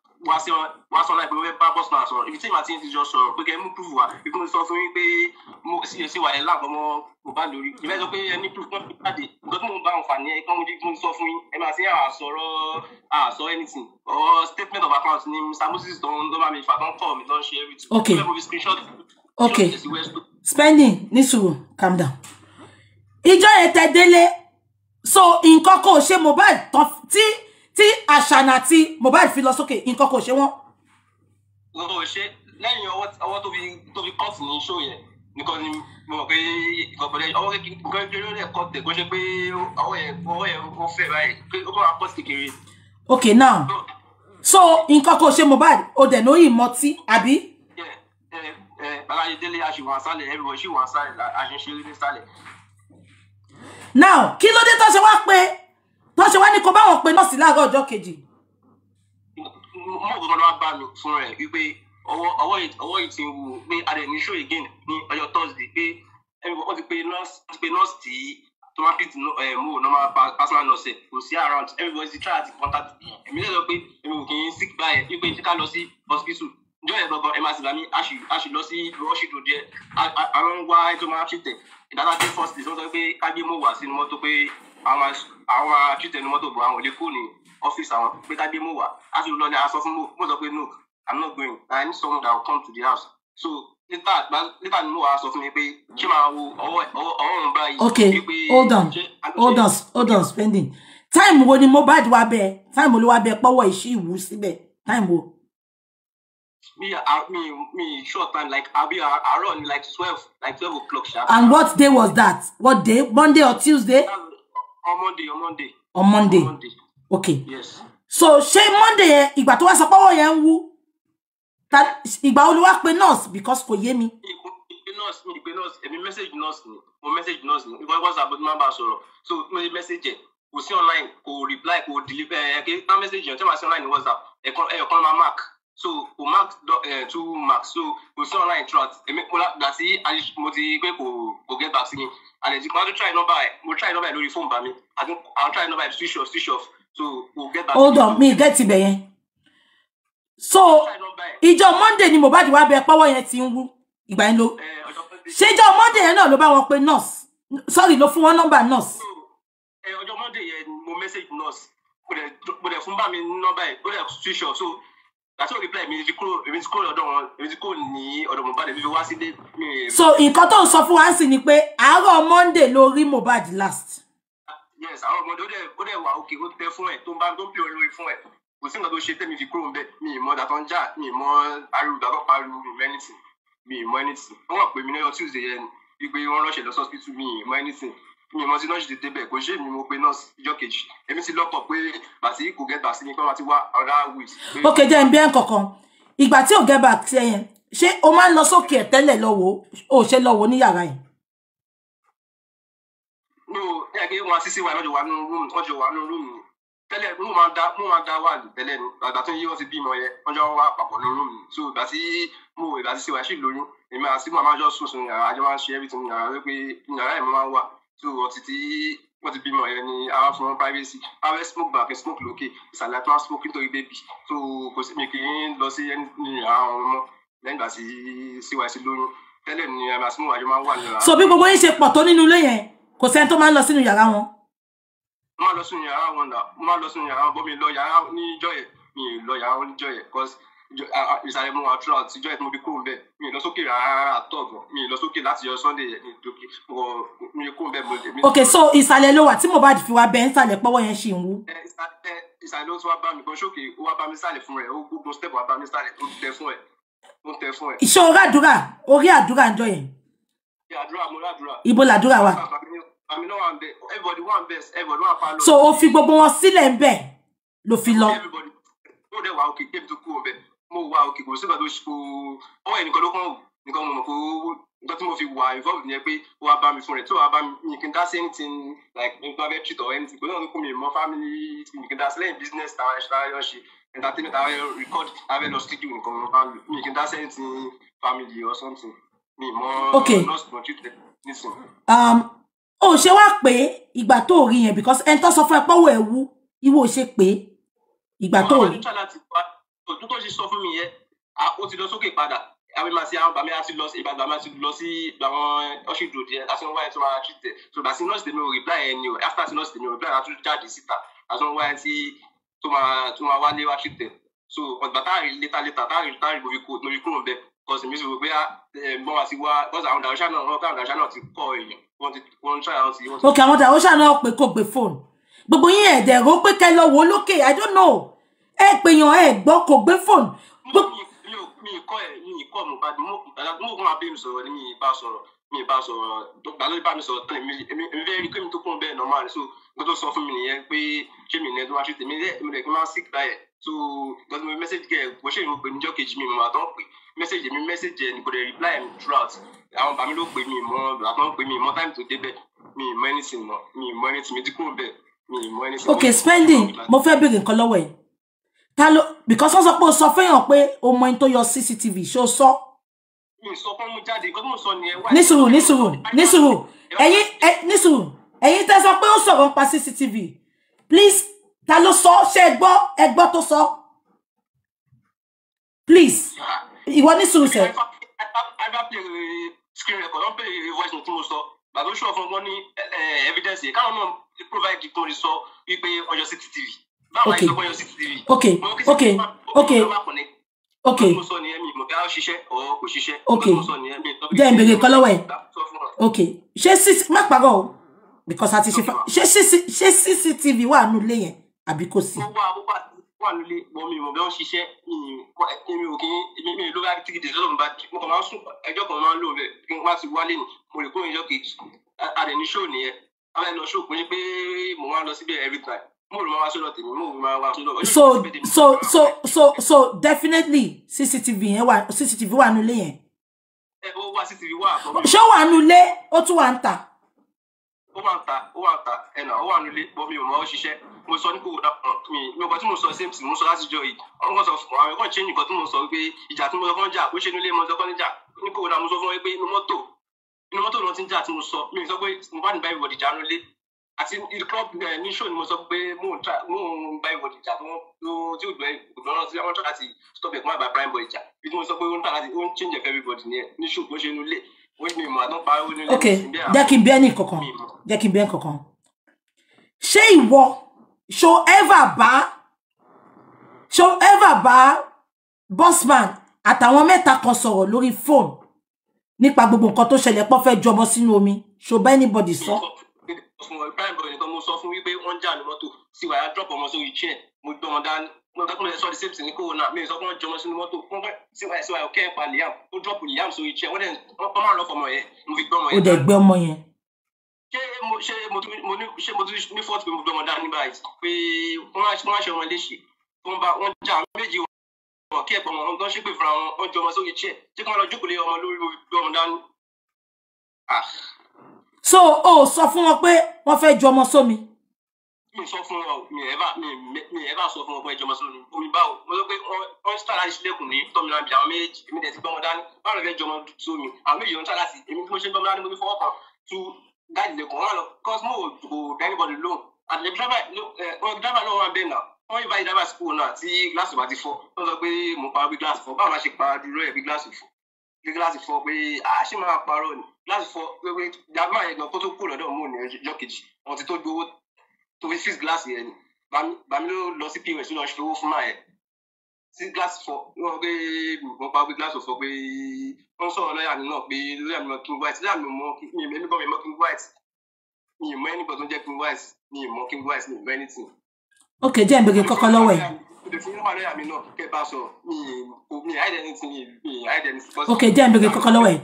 Speaker 2: wá sí wá sọ láìpẹ́ wọ́n fẹ́ bá bọ́sùn àṣọ ibi tí màá ti jọ sọ̀rọ̀ pé kẹ́ mú proof wa ibi mo sọ fún yín pé mo sì ṣe wà ẹ̀ láàbọ̀ mọ́ mo bá lórí ìfẹ́ sọ pé ẹ ní proof náà jáde nǹkan tí mo bá wọn fà ní ẹ̀kan mo mo sọ fún yín ẹ máa sí àsọ̀rọ̀ àsọ anything
Speaker 1: or statement of account ni mr moses tó ń dọ́bà mi fà tó kọ́ mi tó ṣe everything. okay okay spending nísùrù calm down ìjọ yẹn tẹ délé so nǹkan kò ṣe mobile tí tí àṣànà àti Mohbad fi lọ sókè nǹkan kò ṣe wọ́n. mo ṣe lẹ́yìn ọwọ́ tó fi tó fi kọ́ọ̀fù ní ṣó yẹn nìkan ni mo mọ̀ pé ìkọ̀pọ̀lẹ́ ọwọ́ nǹkan kí ló lè tẹ̀ kó ṣe pé ọwọ́ yẹn ọwọ́ yẹn ó fẹ́ báyìí pé ó kọ́ àpọ́sì kékeré. ok now so nǹkan kò ṣe Mohbad o dẹ̀ lóyè mọtí àbí. Babájídélé aṣèwọ̀n asálẹ̀ everybody ṣì wọ̀n asálẹ̀ aṣèṣe ní now kí ló dé tó wọ́n ṣe wá ní kó báwọn pe nọ́ọ̀sì láàárọ̀ ọjọ́ kejì.
Speaker 2: mo kọ́kọ́ lọ́wọ́ bá mi fún rẹ̀ wípé ọwọ́ yìí ti wù pé adé ní show again ní ọjọ́ thursday pé wọ́n ti pe nọ́ọ̀sì tí tó máa ń pìtì normal personal nurse kò sí around everybody ti try àti contact èmi lè sọ pé èmi kò kì í sick báyẹn wípé n ti ká lọ sí hospital njọ yẹn gbọgbọ ẹ máa sì bá mi a sì lọ sí rọṣìdò díẹ̀ àwọn wá ẹ tó máa ṣètẹ ìdájọ́ first day sọ pé kágbé mọ wà sínú mọ́tò pé àwọn àwọn akitẹnu mọ́tò bọ̀ àwọn olè fóònù ọ́fíìsì àwọn pé ká gbé mọ́ wá sì lọ́ọ́ ní aṣọ fún mo sọ pé no i'm not going i need someone that will come to the house so
Speaker 1: níta níta ni mo wá sọ fún mi pé ṣé máa wo ọwọ́ ọwọ́ ń báyìí. okay hold on hold on hold on spending time wo ni Mohbad wá bẹ time olúwa bẹ pọ́wọ́ ìṣí ìwú síbẹ̀ time wo.
Speaker 2: me me me short time like abi àárọ̀ ni like twelve like twelve o'clock sharp.
Speaker 1: and what day was that what day monday or tuesday on Monday on Monday. on Monday. okay. yes. so she Monday yẹn ìgbà tó wá sọ pọ́wọ́ yẹn ń wú ìgbà wo pe nurse because ko yé mi. ìpè
Speaker 2: nurse mi ìpè nurse èmi message nurse ni mo message nurse ni ìwọ WhatsApp máa ma ba sọ̀rọ̀ so mo message ẹ̀ kò online kò reply kò deliver ẹ̀ kí n message yẹn tí si máa sí online ní WhatsApp ẹ̀ẹ̀kan ma mark so kò mark eh, two mark so kò sí online interact èmi mo gbà mo ti pé kò kò get back sí and ẹ̀jẹ̀ máa tún try number ẹ̀ mo
Speaker 1: try number ẹ̀ lórí fóònù bá mi àti àwọn try number ẹ̀ switch off switch off so kò get back. hold on mi get ibẹ̀ yẹn so ìjọ monday ni Mohbad wá bẹ pọ́wọ́ yẹn ti ń wú ìgbà yẹn ló eh, ṣé ìjọ monday yẹn náà ló bá wọn pe nurse sorry ló fún wọn nọ́mbà nurse. Eh, ọjọ́ monday yẹn mo message nurse mo dẹ̀ fún bá mi nọ́mbà ẹ̀ ó dẹ̀ switch off so gàtí òbí mi ti kúrò èmi ti kúrò ọ̀dọ̀ wọn èmi ti kúrò ní ọ̀dọ̀ Mohbad èmi fi wá sí dé. so nǹkan tó ń sọ fún wa sí ni pé àárọ̀ Monday ló rí Mohbad last. yes àárọ̀ Monday ó dẹ̀ ó dẹ̀ wà òkè ó tẹ fún
Speaker 2: ẹ̀ tó ń bá tó ń pè olórí fún ẹ̀ kò sí nǹkan tó ṣe tẹ́mi fi kúrò ń bẹ̀ mi ì mọ dàtọ́ ń jà mi ì mọ ariwo dàtọ́ pariwo mi mọ anything mi ì mọ anything wọ́n wà pé mi náà Tuesday yẹn wípé wọ́n rọ́ṣẹ̀ lọ sọ́sítù mi ì mọ anything mi mọ sí nọ́ọ̀sì ti débẹ̀ kò ṣe mi mo pe nọ́ọ̀sì ìjọ kejì èmi ti lọ́kọ̀ pé bàtí kò get back sí mi pé wọ́n ti wá ọ̀rá wíìsì.
Speaker 1: ok jẹ́ ń bí ẹ̀ kankan ìgbà tí ò get back sí ẹ̀yẹn ṣé o máa ń lọ sókè ẹ̀ tẹ́lẹ̀ lọ́wọ́ o ṣe lọ́wọ́ ní yàrá yìí.
Speaker 2: mi ò ní ẹgbẹ́ wọn sísí wa lọ́jọ́ wa nínú rúùmù ọjọ́ wa nínú rúùmù tẹ́lẹ̀ mo máa da mo máa da wà tẹ́lẹ̀ ni àgbà tó ń yí wọ́n ti bímọ yẹ ọjọ́ wa papọ̀ nínú rúùmù so ìgbà tí mo ìgbà tí ṣe wá sí lóyún èmi àti mo máa jọ sùn sùn yàrá àjọ máa ń ṣe everything yàrá wípé yàrá ẹ̀ máa ń wà so ọtí tí wọ́n ti bímọ yẹn ni àwa fún wọn privacy àwọn smoke back smoke lókè ìsàlẹ̀ tó smoke nítorí baby so kò sí mi kì í lọ sí ẹni àwọn ọmọ lẹ́yìn ìgbà tí CYC lóyún tẹ́lẹ̀ ni àmàsímù àjọ máa ń wà nínú.
Speaker 1: so bí gbogbo yín ṣe pọ̀ tó nínú ilé yẹn kò sẹ́ni tó máa ń lọ sínú yàrá wọn. mo máa lọ sínú yàrá wọn náà mo máa lọ sínú
Speaker 2: yàrá wọn bọ́ mi lọ yàrá níjọ́ yẹn mi lọ yàrá wọn níjọ́ yẹn ìsàlẹ̀ mu àtúrà àtijọ́ ìtumọ̀ bí kúrò ń bẹ̀ mi lọ sókè rárá
Speaker 1: àtọ̀gàn mi lọ sókè láti yọ Sunday yẹn mi tókè mi kúrò ń mo lè. ok so ìsàlẹ̀ ló wà tí Mohbad fi wá bẹ́ẹ̀ ńsàlẹ̀ pọ́wọ́ yẹn ṣì ń wú. ìsàlẹ̀ ló tún wá bá
Speaker 2: mi gan sókè ó wá bá mi sàlẹ̀ fún rẹ̀ ó gbogbo step wá bá mi sàlẹ̀ tó tẹ fún ẹ̀ tó tẹ fún ẹ̀. ìṣe orí àdúrà
Speaker 1: orí àdúrà ń jọ yẹn. ibo làdúrà wà. so o fi gbogbo wọn sílẹ̀ ń bẹ̀ ló fi lọ mo wà òkè kò sígbà
Speaker 2: tó ṣe ọwọ́ ẹ̀ ló kàn wù nìkan mọ̀ pé nǹkan tí mo fi wà involved yẹn pé ó wá bá mi fún rẹ̀ tí ó wá bá mi kí dá sí anything like private treat or anything gbọ́dọ̀ kó mi mọ family mi dá sí business tàwọn ẹ̀ṣọ́ ayọ̀ ṣe entertainment àwọn ẹ̀rọ record àwọn ẹ̀rọ studio nǹkan mo bá mi dá sí anything family or something mi mọ nurse
Speaker 1: mo treat
Speaker 3: them nísìnyí.
Speaker 1: Um, o ṣe wá pé ìgbà tó rí yẹn because ẹni tó sọ fún ẹ pọ́wọ́ ẹ̀ wú ìwọ ṣe pé ìgbà tó rí ojú tó ṣe sọ fún mi yẹn ó ti lọ
Speaker 2: sókè padà àwọn ìmọ̀ sí àwọn bàmí àti lọ sí ìbàdàn àmì àti lọ sí àwọn ọ̀ṣìndò díẹ̀ àti wọn wáyé tí wọn ti tẹ̀ so bàtí nọ́ọ̀sì tèmi ò reply ẹni o after ti nọ́ọ̀sì tèmi ò reply àti jáde síta àti wọn wáyé tí tó máa wálé wá tìtẹ̀ so ọ̀gbà táàrí létà létà táàrí táàrí lórí kúrò lórí kọ́sì mi sì rò pé ah, eh, bọ́n wa ti wá kọ́sì àwọn dàrúṣà náà wọn káwọn dàrúṣà náà ti kọ́
Speaker 1: i don't know ẹ pèèyàn ẹ gbọ́ kò gbé fóònù. mi ìkọ́ ẹ̀ mi ìkọ́ mo bá mi mo máa bí mi sọ̀rọ̀ ni mi ì bá
Speaker 2: sọ̀rọ̀ mi ì bá sọ̀rọ̀ dọ́gba ló bá mi sọ̀rọ̀ tán èmi èmi fẹ́ rí kémi tó kún bẹ́ẹ̀ normal so nǹkan tó sọ fún mi nìyẹn pé ṣé mi nẹ́ẹ̀ tó wá ṣe tèmi èmi rẹ̀ kí n máa sick báyẹn so gbọ́dọ̀ mi message kẹ́ ẹ̀ ṣe ìmọ̀ pé níjọ́ kejì mi màá tán pé message mi message ẹ̀ kò dẹ̀ reply mi throughout àwọn bàmí ló pè mí mọ́ àtọ́ pè mí mọ́ time tó débẹ̀ mi ì mọ anything mọ́ mi ì mọ anything mi ti kúrò bẹ́ẹ̀ mi ì mọ anything. okay
Speaker 1: spending mo fẹ́ béèrè nǹkan lọ́wọ́ yìí ta ló because wọ́n sọ pé o sọ fẹ́yàn pé o mọ ẹni tó yọ cctv ṣé o sọ. nísùrù nísùrù nísùrù ẹ̀yin nísùrù ẹ̀yin tẹ́ sọ pé ó sọ̀rọ̀ nípa cctv please ta ló sọ ṣé ẹ gbọ́ ẹ gbọ́ tó sọ please ìwọ nísùrù sẹ. bàbá oṣù ọ̀fun wọn ní eh, evidence yìí káwọn náà provide ìkùnrin sọ wípé ọjọ́ cctv okay okay okay okay okay okay then bèrè kọ́ lọ́wọ́ ẹ̀ okay ṣé six má parọ́ o because àti ṣe ṣe cctv wà nù lé yẹn àbí kò sí. wà mi mọ̀ bí wọ́n ṣiṣẹ́
Speaker 2: èmi ò kí n mi ló bá tíkì dèjọ́ lọ́nà bá mo kàn máa ń sùn ẹjọ́ kan máa ń lò bẹ́ẹ̀ kí n wá sí wálé ni mo lè kó ìjọ kejì àdẹ̀ ní ṣóò nìyẹn àwọn ẹ̀ lọ ṣóò kún ní pé mo máa lọ síbẹ̀ every time so
Speaker 1: so so so so definitely cctv yẹn wà cctv wà nulẹ yẹn.
Speaker 2: ó wà cctv wà.
Speaker 1: ṣé ó wà nulẹ ó tún wà ń ta.
Speaker 2: ó wà ń ta ó wà ń ta ẹnà ó wà nulẹ bọ́ mi ò mọ ó ṣiṣẹ́ mo sọ ní kò wúdà mi mi nǹkan tí mo sọ same thing mo sọ láti jọ yìí wọn kàn sọ fún àwọn ẹ̀kọ́ ṣe nǹkan tí mo sọ pé ìjà tí mo sọ fún jà ó ṣe nulẹ mo sọ fún níjà ní kò wúdà mo sọ fún wọn pé inú mọ́tò inú mọ́tò ni ti ń jà tí mo sọ mi sọ pé mo bá nígbà ìwọ̀dìjà nulẹ àti club eh, ní show ni mo sọ pé mò ń tra mò ń bá ìwọ ìjà tó tí ò gbọ́dọ̀ sí àwọn tó láti stop ẹ̀kọ́ àgbà prime boy ìjà bí mo sọ pé ó ń tà láti ó ń change
Speaker 1: everybody ní ẹ̀ ní show bó ṣe nu lé ó ní ìmọ̀ àtọ́ parí ó ní ilé ìsìn jẹ́ kí n bí ẹnì kankan jẹ́ kí n bí ẹnì ṣé ìwọ ṣo ever bá ṣo ever bá bossman àtàwọn mẹ́ta kan sọ̀rọ̀ lórí fóònù nípa gbogbo nǹkan tó ṣẹlẹ̀ pọ́ fẹ́ jọmọ sínú omi ṣo anybody sọ. So? fún wọn prime boy nìkan mo sọ fún wípé wọ́n jà ní mọ́tò sí wàá
Speaker 2: drop ọmọ sórí chain mo gbọ́ wọn dání mo sọ pé sọ the same thing kó o náà mi sọ pé wọ́n jọmọ sínú mọ́tò fún bẹ́ẹ̀ sí wàá sí wàá ọ̀kẹ́ liam ó
Speaker 1: drop liam sórí chain wọ́n dẹ̀ wọ́n máa lọ fọmọ yẹn mo fi gbọ́ ọmọ yẹn. ó dẹ̀ gbé ọmọ yẹn. ṣé mo ṣe mo tún mo ní ṣé mo tún ní fọ́ọ̀tù pé mo gbọ́ ọmọ dání
Speaker 2: báyìí pé wọ́n á ṣe ọmọ léṣe wọ́n
Speaker 1: so o sọ fún wọn pé wọ́n fẹ́ ju ọmọ sómi.
Speaker 2: mi sọ fún wọn mi ẹ bá mi ẹ bá sọ fún wọn pé jọmọ sómi omi báwo mo sọ pé wọn sọ láti ṣílẹ̀kùn ní tọmìnà àbí àwọn méjèèjì èmi tẹsí gbọmọ dání báwo lè fẹ́ jọmọ sómi àwọn èèyàn ń sá láti èmi tí mo ṣe ń gbọmọ dání mo fi fọwọ́ kan tú gáàdì lẹ̀kùn wọn lọ cos mo kò dánibọdì lóhùn àti eh, driver náà wọn bẹ náà wọn yóò bá yí driver school náà tí gíláàsì bá ti fọ́ wọn sọ pé mo pa bí gíláàsì fọ́ báwo la ṣe pa gbé gíláàsì fọ pé àṣì máa parọ́ ni gíláàsì fọ pé jàmbá yẹn gan kó tó kú lọ́dọ̀ mú ní ọjọ́ kejì wọn ti tó gbowó tó fi fix gíláàsì yẹn ni bàmí ló lọ sí pos lọ ṣe owó fún máa yẹn sí gíláàsì fọ wọn pé mo bá gbé gíláàsì fọ pé wọn sọ̀rọ̀ lọ́yà mi náà pé lọ́yà mi náà king white lọ́yà mi mọ mi ìmọ̀ ẹnìbọn mi mọ king white mi ìmọ̀
Speaker 1: ẹnìbọn tó jẹ́ king white mi ìmọ̀ king white mi ìmọ̀ anything. ok jẹ́ ìgbèkè kọ́kọ́ lọ́wọ́ yìí ok jẹ́ n bèrè kọ́kọ́ lọ́wọ́ ẹ̀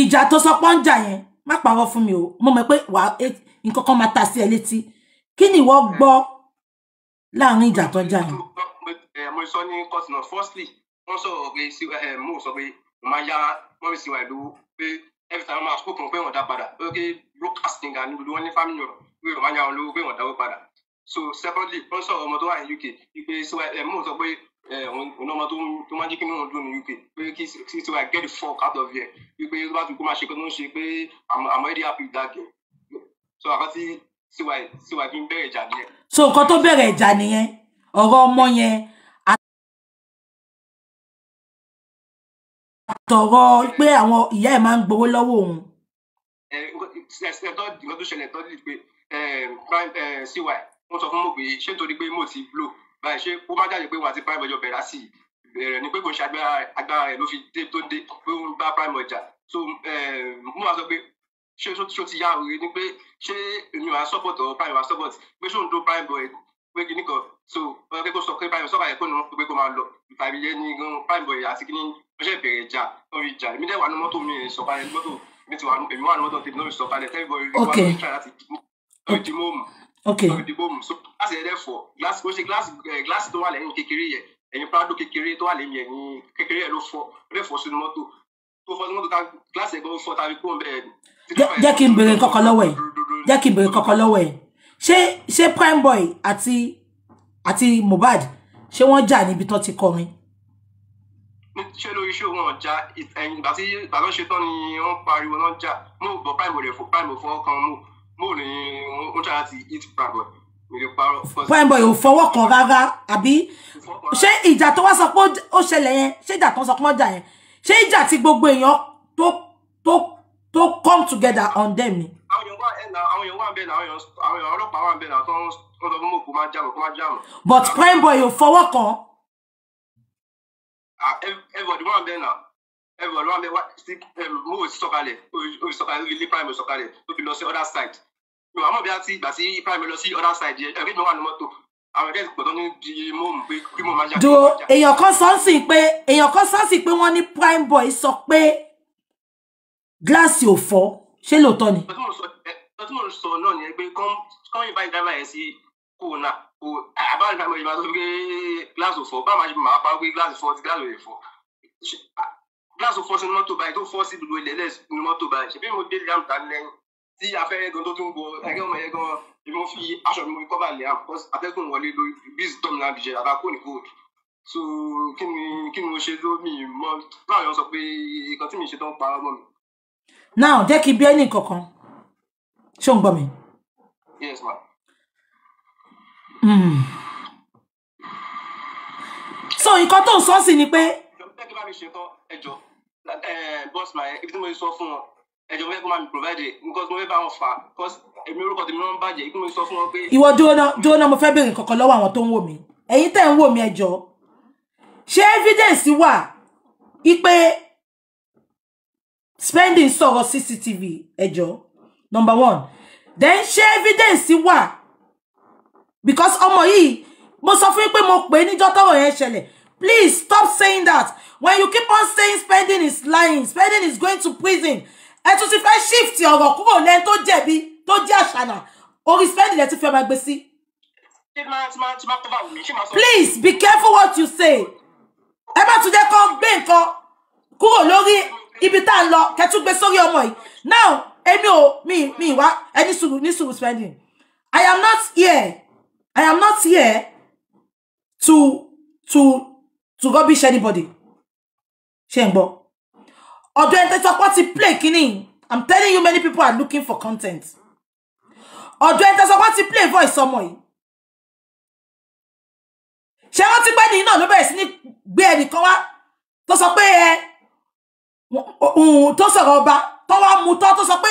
Speaker 1: ìjà tó sọ pọ́ńjà yẹn má pàrọ̀ fún mi o mo mọ̀ pé wà á nǹkan kan máa ta sí ẹ létí kí ni ìwọ gbọ́ láàrin ìjà tó jà yẹn. Eh, mo sọ ní kọ́sìnà firstly wọ́n sọ̀rọ̀ pé
Speaker 2: eh, mo sọ pé mo máa yá wọ́n mi sì wà ìlú pé every time máa sọ pé wọ́n dá padà pé broadcasting and wọ́n ní family rẹ̀ pé wọ́n máa yá wọn lówó pé wọ́n dáwó padà so secondly wọ́n sọ̀rọ̀ ọmọ tó wà ní UK pé mò ń sọ pé eh, òun ọmọ tó máa ń jí kí nínú dùn ní UK pé kí tí wàá get the fuck out of here wípé tó bá tún kó máa ṣe pé tó ṣe pé I'm already happy with that girl so àkọsí tiwa tiwa kí n bẹ̀rẹ̀ ìjà
Speaker 1: nìyẹn. so nǹkan tó bẹ̀rẹ̀ ìjà nìyẹn ọ̀rọ̀ ọmọ yẹn àtọ̀rọ̀ pé àwọn ìyá ẹ̀ máa ń gbowó lọ́wọ́ òun. ẹ̀ẹ́dọ́ eh, eh, ìgbọ́dọ̀
Speaker 2: ṣẹlẹ̀ tọ́jú pé ṣíwáì wọ́n sọ fún mo pé ṣé nítorí pé mo ti blow báyìí ṣé ó má jáde pé wà á ti prime ọjọ́ bẹ̀rẹ̀ sí bẹ̀rẹ̀ ni pé kò ṣe agbára rẹ̀ ló fi dé tó dé pé ó ń bá prime ọjà so eh, mo wá sọ pé ṣé ṣó ti yá òye ni pé ṣé èmi wàá support ọ̀ prime wàá support pé ṣó ń do prime boy pé kìíní kan so ọ̀rọ̀ pé kó sọ pé prime sọ́kà yẹ kó nù pé kó máa lọ tàbí yẹ ni gan prime boy àti kìíní ọṣẹ́ bẹ̀rẹ̀ jà wọ́n fi jà èmi dẹ̀ wà ní mọ́tò mi sọ̀kalẹ̀ mọ́tò mi ti wà ní mọ́tò tèmi náà fi sọ̀kalẹ̀ tẹ́lifọ̀ rí wà ní tíra okay òdìbò mu so glass yẹn therefore glass ó ṣe glass eh, glass tó wà lẹ́yìn kékeré yẹn ẹ̀yìn prado kékeré tó wà lẹ́yìn ẹ̀yìn kékeré yẹn ló fọ́ ló fọ́ sínú mọ́tò tó fọ́ sínú mọ́tò tá glass yẹn gbọ́ fọ́ tàbí kúrò
Speaker 1: bẹ́ẹ̀ ni. jẹ́ kí n béèrè kọ́kọ́ lọ́wọ́ ẹ̀ jẹ́ kí n béèrè kọ́kọ́ lọ́wọ́ ẹ̀ ṣé ṣé prime boy àti àti mohbad ṣé wọ́n jà níbi tó ti kọrin.
Speaker 2: ṣé lórí iṣẹ́ wọn ọjà ìgbà tí ìgbà tó ṣe tán ni wọ́n pariwo náà jà mú bọ̀ prime boy rẹ̀ fún prime boy fún ọkàn mú bóò
Speaker 1: ni wọ́n boy ò fọwọ́ kan rárá àbí ṣé ìjà tó wá sọ pé ó ṣẹlẹ̀ yẹn ṣé ìjà tó sọ pé wọ́n jà yẹn ṣé ìjà tí gbogbo èèyàn tó tó tó come together on them ni. àwọn èèyàn wà ẹ̀nà àwọn èèyàn wà ń bẹ̀ náà àwọn èèyàn ọlọ́pàá wà ń bẹ̀ náà tó ń sọ fún mọ̀ kó máa jà mọ̀ kó máa jà mọ̀. but prime boy ò fọwọ́ kan. everybody
Speaker 2: wà ń bẹ̀ náà everybody wà ń bẹ̀ wá sí ehm, mo ò sọ̀kalẹ̀ o sọ̀kalẹ̀ mi wàá mọ̀ bí a ti gbà sí ipa mi
Speaker 1: lọ sí other side eh, ẹ̀rí mi wà ní mọ́tò àwọn ẹ̀rẹ́ ìpọ̀tọ́ ní di mọ́ọ̀mù pé kí mo máa jà. dúró èèyàn kan sọ́ọ̀sì pé èèyàn kan sọ́ọ̀sì pé wọ́n ní prime boy sọ pé gíláàsì ò fọ́ ṣé lóòótọ́ ni. ọtí eh, mò ń sọ náà ni pé kán yìí ìdáná yẹn sí kó o
Speaker 2: nà kó ìdáná yẹn máa sọ pé gíláàsì ò fọ́ báwọn máa bá wí gíláàsì fọ́ ti gíláàsì ò lè ah, gíláàsì ò fọ́ sínú mọ́tò báyìí tó fọ́ sí gbogbo ilẹ̀ lẹ́sìn mọ́tò báyìí ṣèbí mo dé lẹ́yìn tí afẹ́rẹ́ gan tó tún gbọ́ ẹgbẹ́ ọmọ yẹn gan ni mo fi aṣọ mi kọ́ balẹ̀ atẹ́gùn wọlé lórí bíìsì tọ́mìnà àbíjẹ àbákò ní kóòdù so kí ni kí ni mo ṣe tó mi mọ báwo yẹn sọ pé nǹkan tí mi ṣe tó pa ọmọ mi.
Speaker 1: now jẹ́ kí bí ẹnì kankan ṣé ò ń mi. yes ma. Mm. so nǹkan tó ń sọ sí ni pé. ẹ jọ eh, bọ́sì máa ibi tí mo sọ fún wọn ẹjọ fẹ́ kó máa mi provide because mo fẹ́ bá wọn fà because èmi orúkọ tèmi wọn bàjẹ́ ikú mi sọ fún wọn pé. ìwọ dúró dúró náà mo fẹ́ béèrè kankan lọ́wọ́ àwọn tó ń wò mí ẹ̀yin tẹ́ ń wò mí ẹjọ́ ṣé evidence wà ipe spending sọ̀rọ̀ cctv ẹjọ́ number one then ṣé evidence wà because ọmọ yìí mo sọ fún yín pé mo pè é níjọ́ tọ́rọ̀ yẹn ṣẹlẹ̀ please stop saying that when you keep on saying spending is lying spending is going to prison ẹ tún ti fẹ́ shift ọ̀rọ̀ kúrò lẹ́ni tó jẹ̀bi tó jẹ́ àṣànà orí spend lẹ́ fẹ́ máa gbé sí. please be careful what you say ẹ má tún jẹ́ kó gbé nǹkan kúrò lórí ibi tá a lọ kẹ́ gbé sórí ọmọ yìí now èmi ò mi mi wá ẹ ní sùúrù ní sùúrù spending i am not here i am not here to to to rubbish anybody ṣe ń gbọ́ ọ̀dọ̀ ẹni tẹ́tí ti play kini. i'm telling you many people are looking for content ọ̀dọ̀ ẹni tẹ́tí ti play voice ọmọ yìí ṣé wọ́n ti gbẹ́ nìyí náà ló bẹ̀rẹ̀ sí ní gbé ẹnìkan wá tó sọ pé ẹ eh, tó sọ̀rọ̀ ọba tó wá mú tọ́ tó sọ pé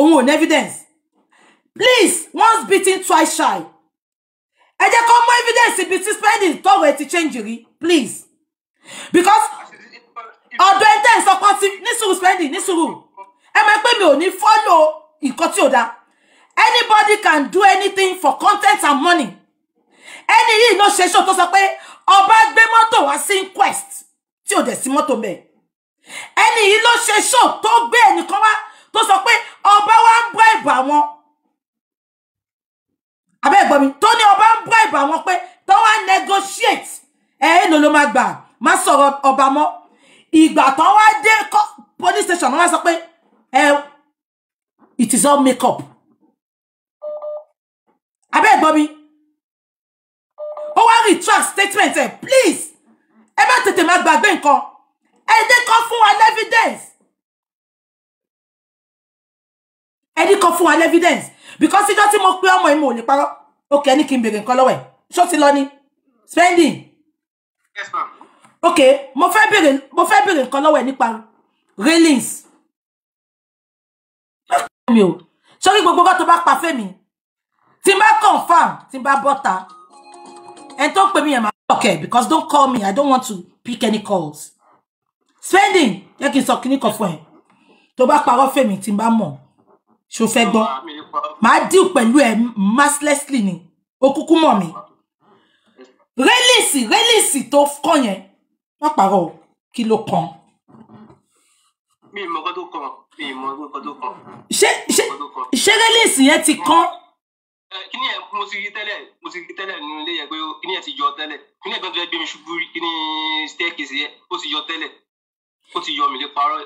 Speaker 1: òun ò ní evidence please once beaten twice shy ẹ jẹ́ kó mú evidence ibi tí spending tọrọ ẹ ti change rí please because ọ̀dọ̀ ẹ̀ tẹ́ ń sọ pọ́n sí ní sùúrù spending ní sùúrù ẹ máa pé mi ò ní fọ́lò nǹkan tí ò dáa anybody can do anything for content and money ẹni yìí ló ṣe ṣó tó sọ pé ọba gbé mọ́tò wá sí inquest tí ò dẹ̀ sí mọ́tò mẹ́ẹ̀ ẹni yìí ló ṣe ṣó tó gbé ẹnìkan wá tó sọ pé ọba wa ń bọ́ ìbà wọn abẹ́gbọ́n mi tó ní ọba ń bọ́ ìbà wọn pé tó wá negotiate ẹ̀ ẹ́ ló ló máa gbà má sọ̀rọ̀ ọba mọ́ ìgbà kan wá dé police station wọ́n sọ pé it is all make up abẹ́ ẹ̀gbọ́n mi ó wá retract statement ẹ̀ please ẹ má tètè má gbàgbé nǹkan ẹ dé kọ́ fún wa evidence ẹ dé kọ́ fún wa evidence because ìjọ tí mo pe ọmọ yìí mo ò lè parọ́ ó kẹ́ ní kí n béèrè nǹkan lọ́wọ́ ẹ̀ ṣó ti lọ ni spending. yes ma'am ok mo fẹ́ béèrè mo fẹ́ béèrè nǹkan lọ́wọ́ ẹ̀ nípa railings mi ò sórí gbogbo kan tó bá pa fẹ́mi tí n bá confam tí n bá bọ́ta ẹni tó ń pè mí yẹn máa block because don't call me i don't want to pick any calls spending yẹ kí n sọ kíní kan fún ẹ tó bá parọ́ fẹ́mi tí n bá mọ̀ ṣó fẹ́ gbọ́ màá deal pẹ̀lú ẹ mercilessly ni ó kúkú mọ̀ mi rélìsì rélìsì tó kọ̀ yẹn má parọ́ o kí ló kan.
Speaker 2: mi ì mọ ọkọ tó kàn mi ì mọ ọkọ tó kàn.
Speaker 1: ṣé ṣé ṣé rẹ́lẹ̀sì yẹn ti kán. kíní yẹn mo ti rí tẹ́lẹ̀ mo ti rí tẹ́lẹ̀ nínú ilé yẹn pé
Speaker 2: kíní yẹn ti yọ tẹ́lẹ̀ kíní yẹn tó fẹ́ gbé mi ṣubú kíní staircase yẹn ó ti yọ tẹ́lẹ̀ ó ti yọ mi lè parọ́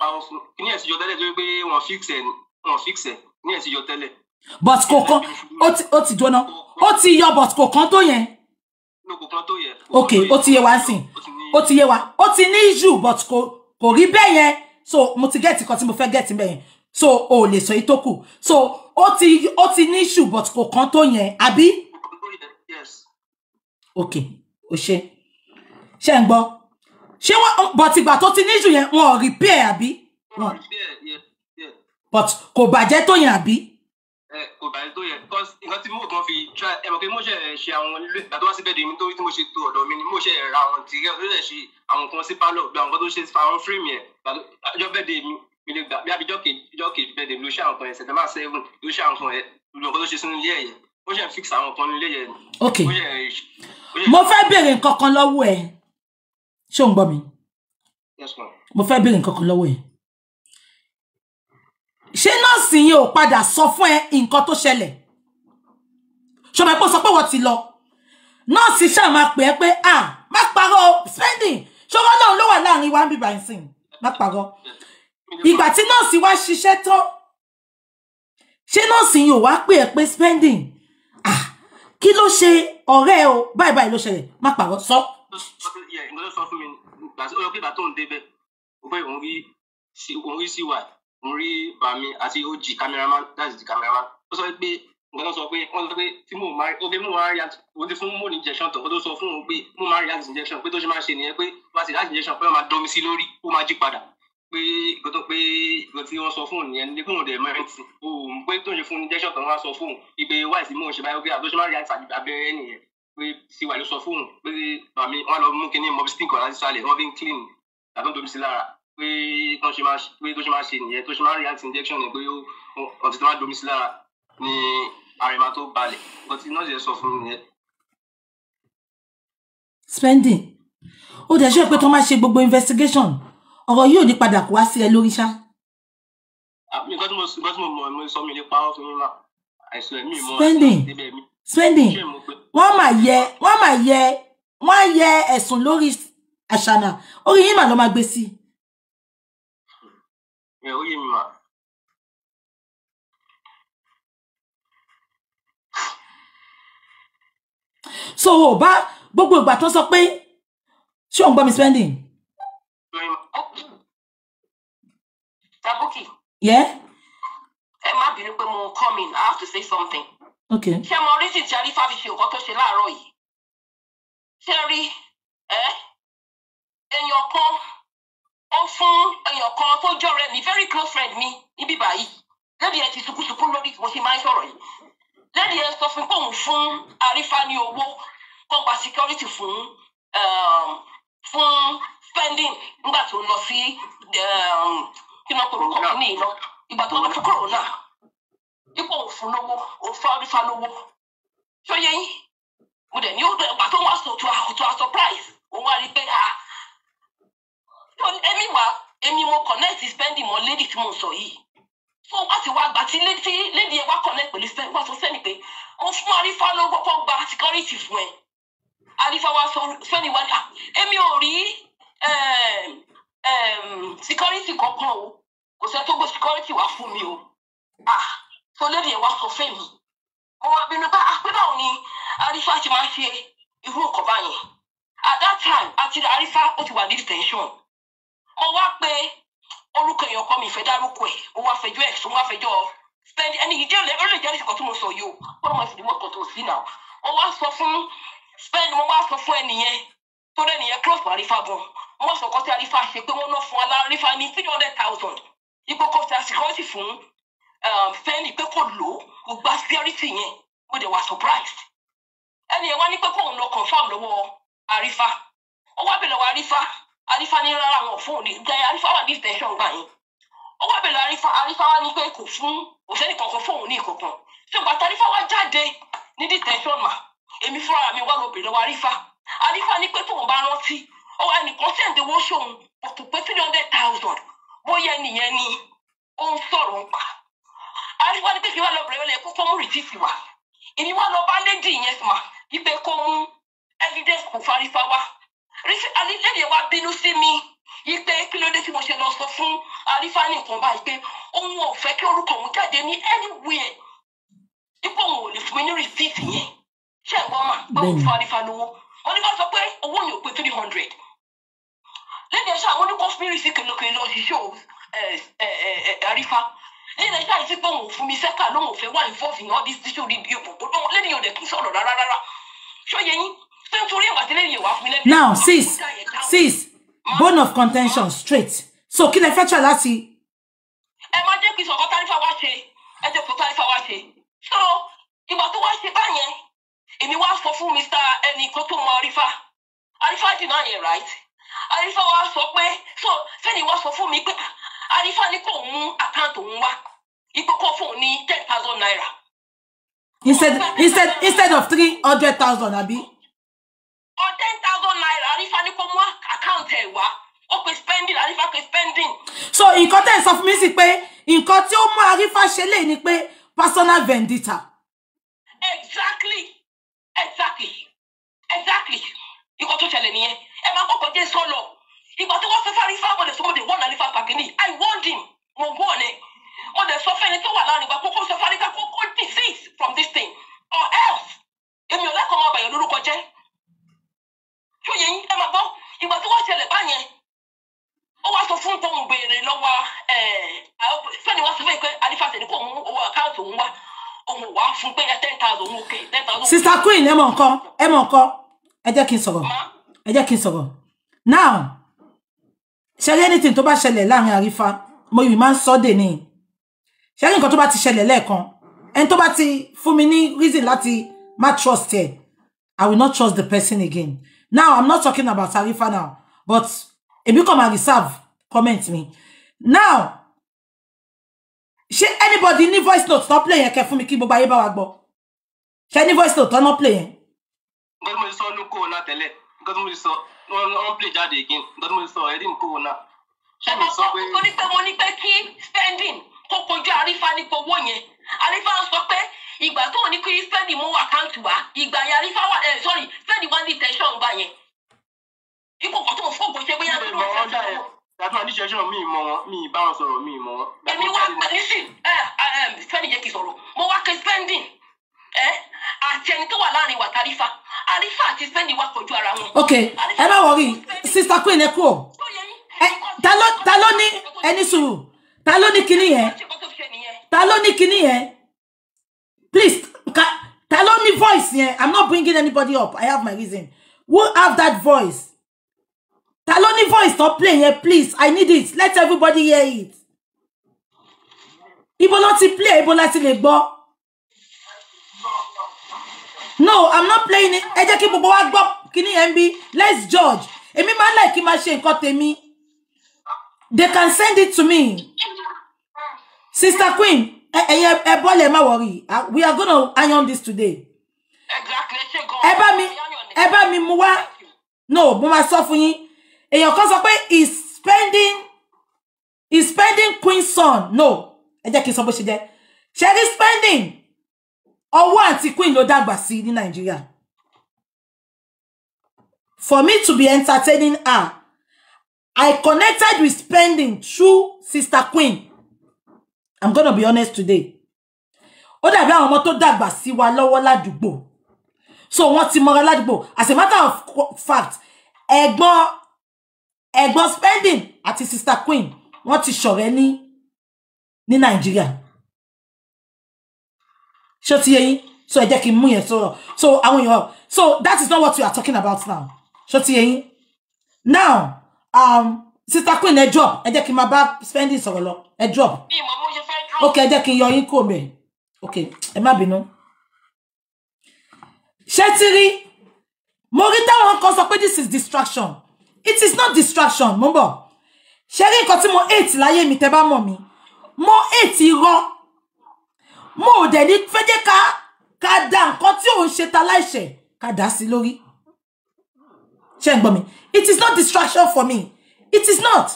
Speaker 2: parọ́ fún
Speaker 1: kíní yẹn ti yọ tẹ́lẹ̀ tó yẹ pé wọ́n fix ẹ̀ wọ́n fix ẹ̀ kíní yẹn ti yọ tẹ́lẹ̀. but kò kan ó ti jóná ó ti yọ but kò kan tó yẹn ok ó ti yé wa nsìn ó ti yé wa ó ti ní issue but kò kò rí bẹ́ẹ̀ yẹn so mo ti gẹ́ẹ̀tì kan tí mo fẹ́ gẹ́ẹ̀tì bẹ́ẹ̀ yẹn so o le so itoku. so ó ti ó ti ní issue but kò kàn tó yẹn àbí. ok o ṣe ṣe ń gbọ́ ṣé wọn but ìgbà tó ti ní issue yẹn wọn ò repair àbí. but kò bàjẹ́ tó yẹn àbí kò bá tó yẹ because nǹkan tí mo kàn fi try ẹ mọ̀ pé mo ṣe
Speaker 2: ṣe àwọn ilé ìgbà tó wá sí bẹ́ẹ̀ mi nítorí tí mo ṣe to ọ̀dọ̀ mi ni mo ṣe ra àwọn tí ó ṣe ṣe àwọn kan sí pálọ̀ gba àwọn kan tó ṣe fa àwọn fíìmù yẹn àjọ bẹ́ẹ̀ mi mi lè gbà bí abijọ́ kejì bẹ́ẹ̀ mi ló ṣe àwọn kan yẹn sẹ̀tẹ̀mbà seven ló ṣe àwọn kan yẹn
Speaker 1: lọ́kọ́ tó ṣe sínú ilé yẹn ó ṣe fix àwọn kan nílé yẹn. ok mo fẹ́ béèrè nǹkan kan lọ́wọ́ ẹ ṣé ṣé nọ́ọ̀sì yẹn ò padà sọ fún ẹ nǹkan tó ṣẹlẹ̀ ṣọmọ ẹ̀pọ̀ sọ pé wọ́n ti lọ nọ́ọ̀sì ṣáà máa pè é pé à má parọ́ spending ṣọwọ́ náà ló wà láàrin wa ń bíbá ìsìn má parọ́ ìgbà tí nọ́ọ̀sì wá ṣiṣẹ́ tán ṣé nọ́ọ̀sì yìí ò wá pè é pé spending ah kí ló ṣe ọ̀rẹ́ o báyìí báyìí ló ṣẹlẹ̀ má parọ́ sọ. ìgbà
Speaker 2: tó sọ fún mi ìgbà tó ń débẹ̀ ó fẹ́ òun rí sí wa mo rí bàmí àti og cameraman that is the cameraman ó sọ pé nǹkan tó sọ pé wọ́n sọ pé tí mo máa ó fi mo máa react ó ti fún mo ní injection tó ó tó sọ fún òun pé mo máa react injection pé tó ṣe máa ṣe nìyẹn pé wọ́n ti react injection pé wọ́n máa dọ́mi sí lórí ó máa jí padà pé nǹkan tó pé nǹkan tí wọ́n sọ fún òun yẹn ní kí òun dẹ̀ mẹ́rin tì òun pé tó ṣe fún injection tó wọ́n sọ fún òun ìgbé wáì sí mò ń ṣe báyọ̀ pé àtúnṣe máa react abẹ́rẹ́ nìyẹn pé sí wà ló sọ fún òun pé bàmí wọ́n lọ mú kinní mọ́bí stick wà láti sálẹ̀ wọ́n fi ń clean àtúntò mi sí lára pé tó ṣe máa pé tó ṣe máa ṣe nìyẹn react injection ni pé ọtí tó máa domi sí lára ni àrèmá tó
Speaker 1: balẹ̀ nǹkan tí nọ́ọ̀sì sọ fún mi spending ó dẹ̀ ṣe pé tó máa ṣe gbogbo investigation ọ̀rọ̀ yóò ní padà kó wá sí ẹ lórí ṣá.
Speaker 2: nǹkan tí mo nǹkan mo mọ̀ mo sọ mi ní parọ́ fún yín náà àìsàn ẹ̀mí mọ́ spending
Speaker 1: spending wọ́n máa yẹ wọ́n máa yẹ wọ́n á yẹ ẹ̀sùn lórí àṣànà orí yín mà ló máa gbé sí i. So, ò bá gbogbo ìgbà tó sọ pé ṣé òun gbọ́ mi spending. tabuki. yẹ.
Speaker 3: ẹ má bínú pé mo come in i have to say something. okay. ṣé mo rí sí ti alifa fi ṣe nǹkan tó ṣe láàárọ̀ yìí ṣé rí ẹ èèyàn kan. ó fún eyan kan to jọ̀rẹ́ mi very close friend mi níbí báyìí lẹ́bi ẹ ti sukusuku lórí mo ti máa ń sọ̀rọ̀ yìí lẹ́bi ẹ sọ fún kóun fún ní owó security fún um, fún spending nígbà tó lọ sí um, kí náà kòrò ní iná ìgbà tó lọ sí corona ipò òfin lówó òfin arífá lówó ṣó mo to her surprise òun wá rí ah, èmi wá èmi mo connect spending mọ lady tí mo sọ yìí so wá ti wá gbà tí létí lady yẹn wá connect pẹ̀lú spending wá sọ sẹ́ni pé mo fún arífà ló kọ́kọ́ gba security fún ẹ arífà wá sọ spending wá ní à ah, èmi ò rí ehm, ehm, security kankan o kò sẹ́ tó gbé security wá fún mi o ah so lady yẹn wá sọ fẹ́ mi mo wá bínú bá ah, pé báwo ni arífà ti máa ṣe irú nǹkan báyẹn at that time àti arífà ó ti wà ní detention mo wá pé orúkọ èèyàn kan mi ìfẹ́ dárúkọ ẹ̀ mo wá fẹjọ́ ẹ̀ mo wá fẹjọ́ spend ẹni yìí jẹ́ ó lè jẹ́ ìṣẹ̀kọ́ tí mo sọ yìí o wọ́n mọ̀ sí ni wọ́n kàn tó sí náà mo wá sọ fún spend mo wá sọ fún ẹnìyẹn tó dẹ́ nìyẹn cross for arifa gan wọ́n sọ kọ́ tí arifa ṣe pé wọ́n ná fún alárifa ní three hundred thousand ipò kọ́ tí a ṣe kọ́ sí fún fẹ́ni um, pé kò lò kò gba security yẹn mo dẹ̀ wá surprised ẹnìyẹn wá ní pé kóun lọ confam lọ́wọ́ arifa ó wá bẹ̀rẹ̀ wá arifa arifa ní rárá àwọn fún òní gbẹ arifa wà ní detention gbà yín ó wá bẹ̀rẹ̀ arifa arifa wá ní pé kò fún òsẹ́ni kankan fún òun ní ìkọ̀kan ṣùgbọ́n àti arifa wá jáde ní detention mà èmi fúnra mi wá lóbìnrin wa arifa arifa ní pé tóun bá rántí ó wá nìkan sẹ́ǹdẹ̀ owó sóun kò tó pé three hundred thousand bóyá nìyẹn ni ó ń sọ̀rọ̀ ń pa arifa ní pé kí wá lọ bẹ̀rẹ̀ lẹ́kọ́ fọ́ọ̀mù rìsíìtì wa èmi wá lọ bá lédì yẹn mà wípé kó mú evidence kò farifa wá Adéjẹ́dẹ̀ wá bínú sí mi ipe kí ló dé tí mo ṣe lọ sọ fún arífáàní kan báyìí pé òun ò fẹ́ kí orúkọ òun jáde ní anywhere dípò òun ò lè fún mi ní rìsíìtì yẹn ṣé ẹ̀gbọ́n mà pé fún arífá lówó wọ́n ní ká sọ pé owó yẹn ò pé three hundred lẹ́yìn ẹ̀ṣọ́ àwọn oníkó fún mi rìsíìtì lókè lọ ṣiṣẹ́ arífá lẹ́yìn ẹ̀ṣọ́ àìsí pé òun fún mi sẹ́kà lóun ò fẹ́ wà ní fọ́ọ̀sì yẹn all now sis
Speaker 1: sis bone of contention straight so kí lẹ fẹ́ try láti.
Speaker 3: ẹ má jẹ́ kí sọ̀kọ́ tarifa wá ṣe ẹ jẹ́ kó tarifa wá ṣe so ìgbà tó wá ṣe báyẹn èmi wá sọ fún mr ẹnì kó tó mọ arifa arifa dì yẹn right arifa wá sọ pé so fẹ́ni wá sọ fún mi pé arifa ni kò mú àkáǹtì òun wá ipò fún un ní ten thousand naira.
Speaker 1: instead instead instead of three hundred thousand àbí.
Speaker 3: tẹ̀ wá pe spending àrífà pe spending.
Speaker 1: so nǹkan tẹ́ ẹ̀ sọ fún mi sí pé nǹkan tí ó mú àrífà ṣe lè ni pé personal vendetta. exactly
Speaker 3: exactly exactly nǹkan tó ṣẹlẹ̀ nìyẹn ẹ máa kọ́kọ́ jẹ́ sọ́lọ̀ ìgbà tí wọ́n fẹ́ fẹ́ àrífà mo lè sọ mo lè wọ́n àrífà pàkínní i warned him mo wọ́n ẹ̀ mo lè sọ fẹ́ni tó wà láàrin ìgbà kókó sọ fún àrífà kókó disease from this thing or else èmi ò lẹ́kọ̀ọ́ máa bàyàn lórúkọ jẹ́ tó yẹ yín ẹ máa gbọ́ ìgbà tí wọ́n ṣẹlẹ̀ báyẹn ó wá sọ fún tóun béèrè lọ́wọ́ fẹ́ni wá sọ fún mi pé alifásẹ̀ ni kò mú owó àkáǹtì òun wá òun wá fún pé ten thousand òun òkè ten thousand. sista
Speaker 1: queen ẹ mọ nǹkan ẹ mọ nǹkan ẹ jẹ́ kí n sọ̀rọ̀ ẹ jẹ́ kí n sọ̀rọ̀ now ṣẹlẹ̀ anything tó bá ṣẹlẹ̀ láàrin àrífà mo yìí máa ń sọ dè ní ṣẹlẹ̀ nǹkan tó bá ti ṣẹlẹ̀ lẹ́ẹ̀kan ẹni tó bá ti fún mi ní reason láti má trust ẹ I will not trust the person again Now, I'm not talking about Tarifa now, but if you come and reserve, comment me. Now, ṣé anybody ní voice note stop playing. I kẹ́ fún mi kí gbogbo ayé bá wa voice note tó ná playing. yẹn? Nǹkan tí mo sọ ló kó o náà tẹ́lẹ̀, nǹkan tí
Speaker 3: mo play jáde again, nǹkan tí mo sọ ẹ̀rí nǹkó o náà. Ṣé mo sọ pé. Torí spending kó kojú àrífà nípa owó yẹn, àrífà sọ ìgbà tó ní kí fẹ́ẹ̀dì mú àkáǹtì wá ìgbà yarí fáwà ẹ̀ eh, sọ́rí fẹ́ẹ̀dì wá ní tẹ̀sán gbà yẹn ipò kan tó ń fọ́ọ̀kù ṣe bóyá tó ń fẹ́ẹ́ yàtọ̀ àdìsẹ́ ṣọ́ mi mọ wọn mi bá wọn sọ̀rọ̀ mi mọ wọn. èmi wá nísìn eh, eh, fẹ́ẹ̀dì jẹ́ kí sọ̀rọ̀ mo wá kí spending àti ẹni tó wà láàrin wa tarifa arifa àti spending wa kọjú ara
Speaker 1: wọn. ok ẹ má wọrí sista queen ẹ kú ọ ta ló ní ẹni sùúrù ta ló ní kinní yẹn ta ló ní kinní yẹn please ta ló ní voice Yeah, i'm not bringing anybody up i have my reason who have that voice Taloni voice Stop playing. yẹn please i need it let everybody hear it ibo ló ti play ibo láti lè gbọ́ no i'm not playing it ẹ jẹ́ kí gbogbo wa gbọ́ kíní yẹn let's judge èmi máa ń láì kí n máa ṣe they can send it to me sister queen ẹ̀yin eh, eh, eh, ẹ bọ́lẹ̀ má wọ̀rí ah, we are going to iron this today. Exactly. bá mi ẹ bá mi no mo máa sọ fún Your èèyàn is spending is spending queen son no ẹ jẹ́ kí n sọ bó ṣe jẹ́ ṣẹ́rí spending ọwọ́ àti queen ló dàgbà in Nigeria? for me to be entertaining her i connected with spending through sister queen i'm gonna be honest today ó dàbí àwọn ọmọ tó dàgbà sí wa lọ́wọ́ ládùúgbò so wọ́n ti mọ́ra ládùúgbò as a matter of fact ẹ̀gbọ́n ẹ̀gbọ́n spending àti sister queen wọ́n ti ṣọ̀rẹ́ ní ní Nigeria? ṣé ó ti yé yín so ẹ jẹ́ kí n mú yẹn so àwọn èèyàn so that is not what we are talking about now ṣé ti yé now um, Sister, queen a job. ẹ jẹ́ my back spending sọ̀rọ̀ lọ ẹ drop ok ẹ your income. Okay, yọ yín kò mẹ́ ok ẹ má bínú. ṣé tí this is distraction it is not distraction mo ń bọ̀ ṣé rí nǹkan tí mo hate láyé mi tẹ́ bá mọ̀ mi mo hate irọ́ mo ò dẹ̀ ní fẹ́ jẹ́ ká ká it is not distraction for me it is not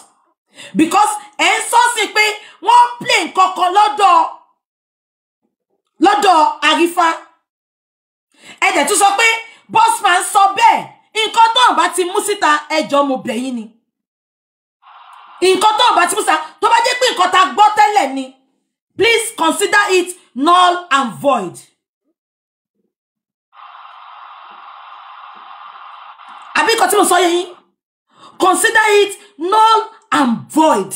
Speaker 1: because ẹ ń sọ́sìn pé wọ́n play nǹkan kan lọ́dọ̀ lọ́dọ̀ àrífà ẹ dẹ̀ tún sọ pé bosman sọ bẹ́ẹ̀ nǹkan tó bá ti mú síta ẹjọ́ mo bẹ̀ yín ni nǹkan tó bá ti mú síta tó bá jẹ́ pé nǹkan tá gbọ́ tẹ́lẹ̀ ni please consider it null and void. àbí nǹkan tí mo sọ yẹ yín. Consider it null and void.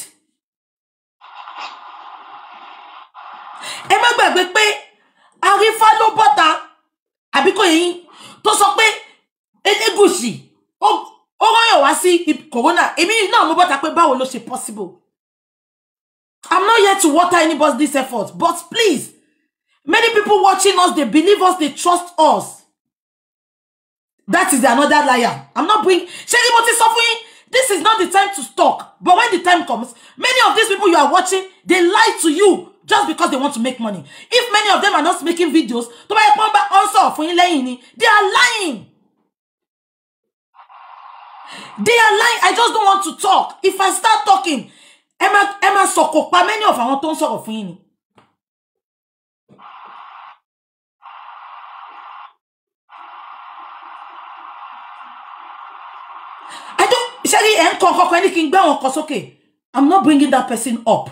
Speaker 1: Ẹ má gbàgbé pé Arífá ló bọ́ta àbí kò yẹn tó sọ pé Elégùṣì ó rọ́yàn wá sí corona èmi náà mo bọ́ta pé báwo ló ṣe possible. I'm not here to water anybody's effort but please many people watching us they believe us they trust us that is another liar i'm not bring ṣé ni mo ti sọ fún yín This is not the time to talk, But when the time comes, many of these people you are watching, they lie to you just because they want to make money. If many of them are not making videos, tó bá yẹ kán bá answer fún they are lying. They are lying. I just don't want to talk. If I start talking, Emma, Emma sọ̀kò pa many of àwọn tó ń sọ̀rọ̀ fún ṣẹ́rí ẹ̀ ń kọ́ kọ́kọ́ ẹni kí n gbé i'm not bringing that person up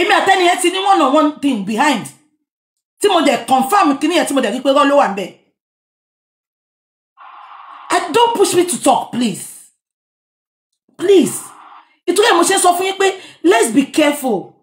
Speaker 1: èmi àtẹ́ni yẹn ti ní one on one thing behind tí mo confirm kíní yẹn tí mo dẹ̀ rí pé rán ló and don't push me to talk please please ìtúrẹ́ mo ṣe sọ fún yín pé let's be careful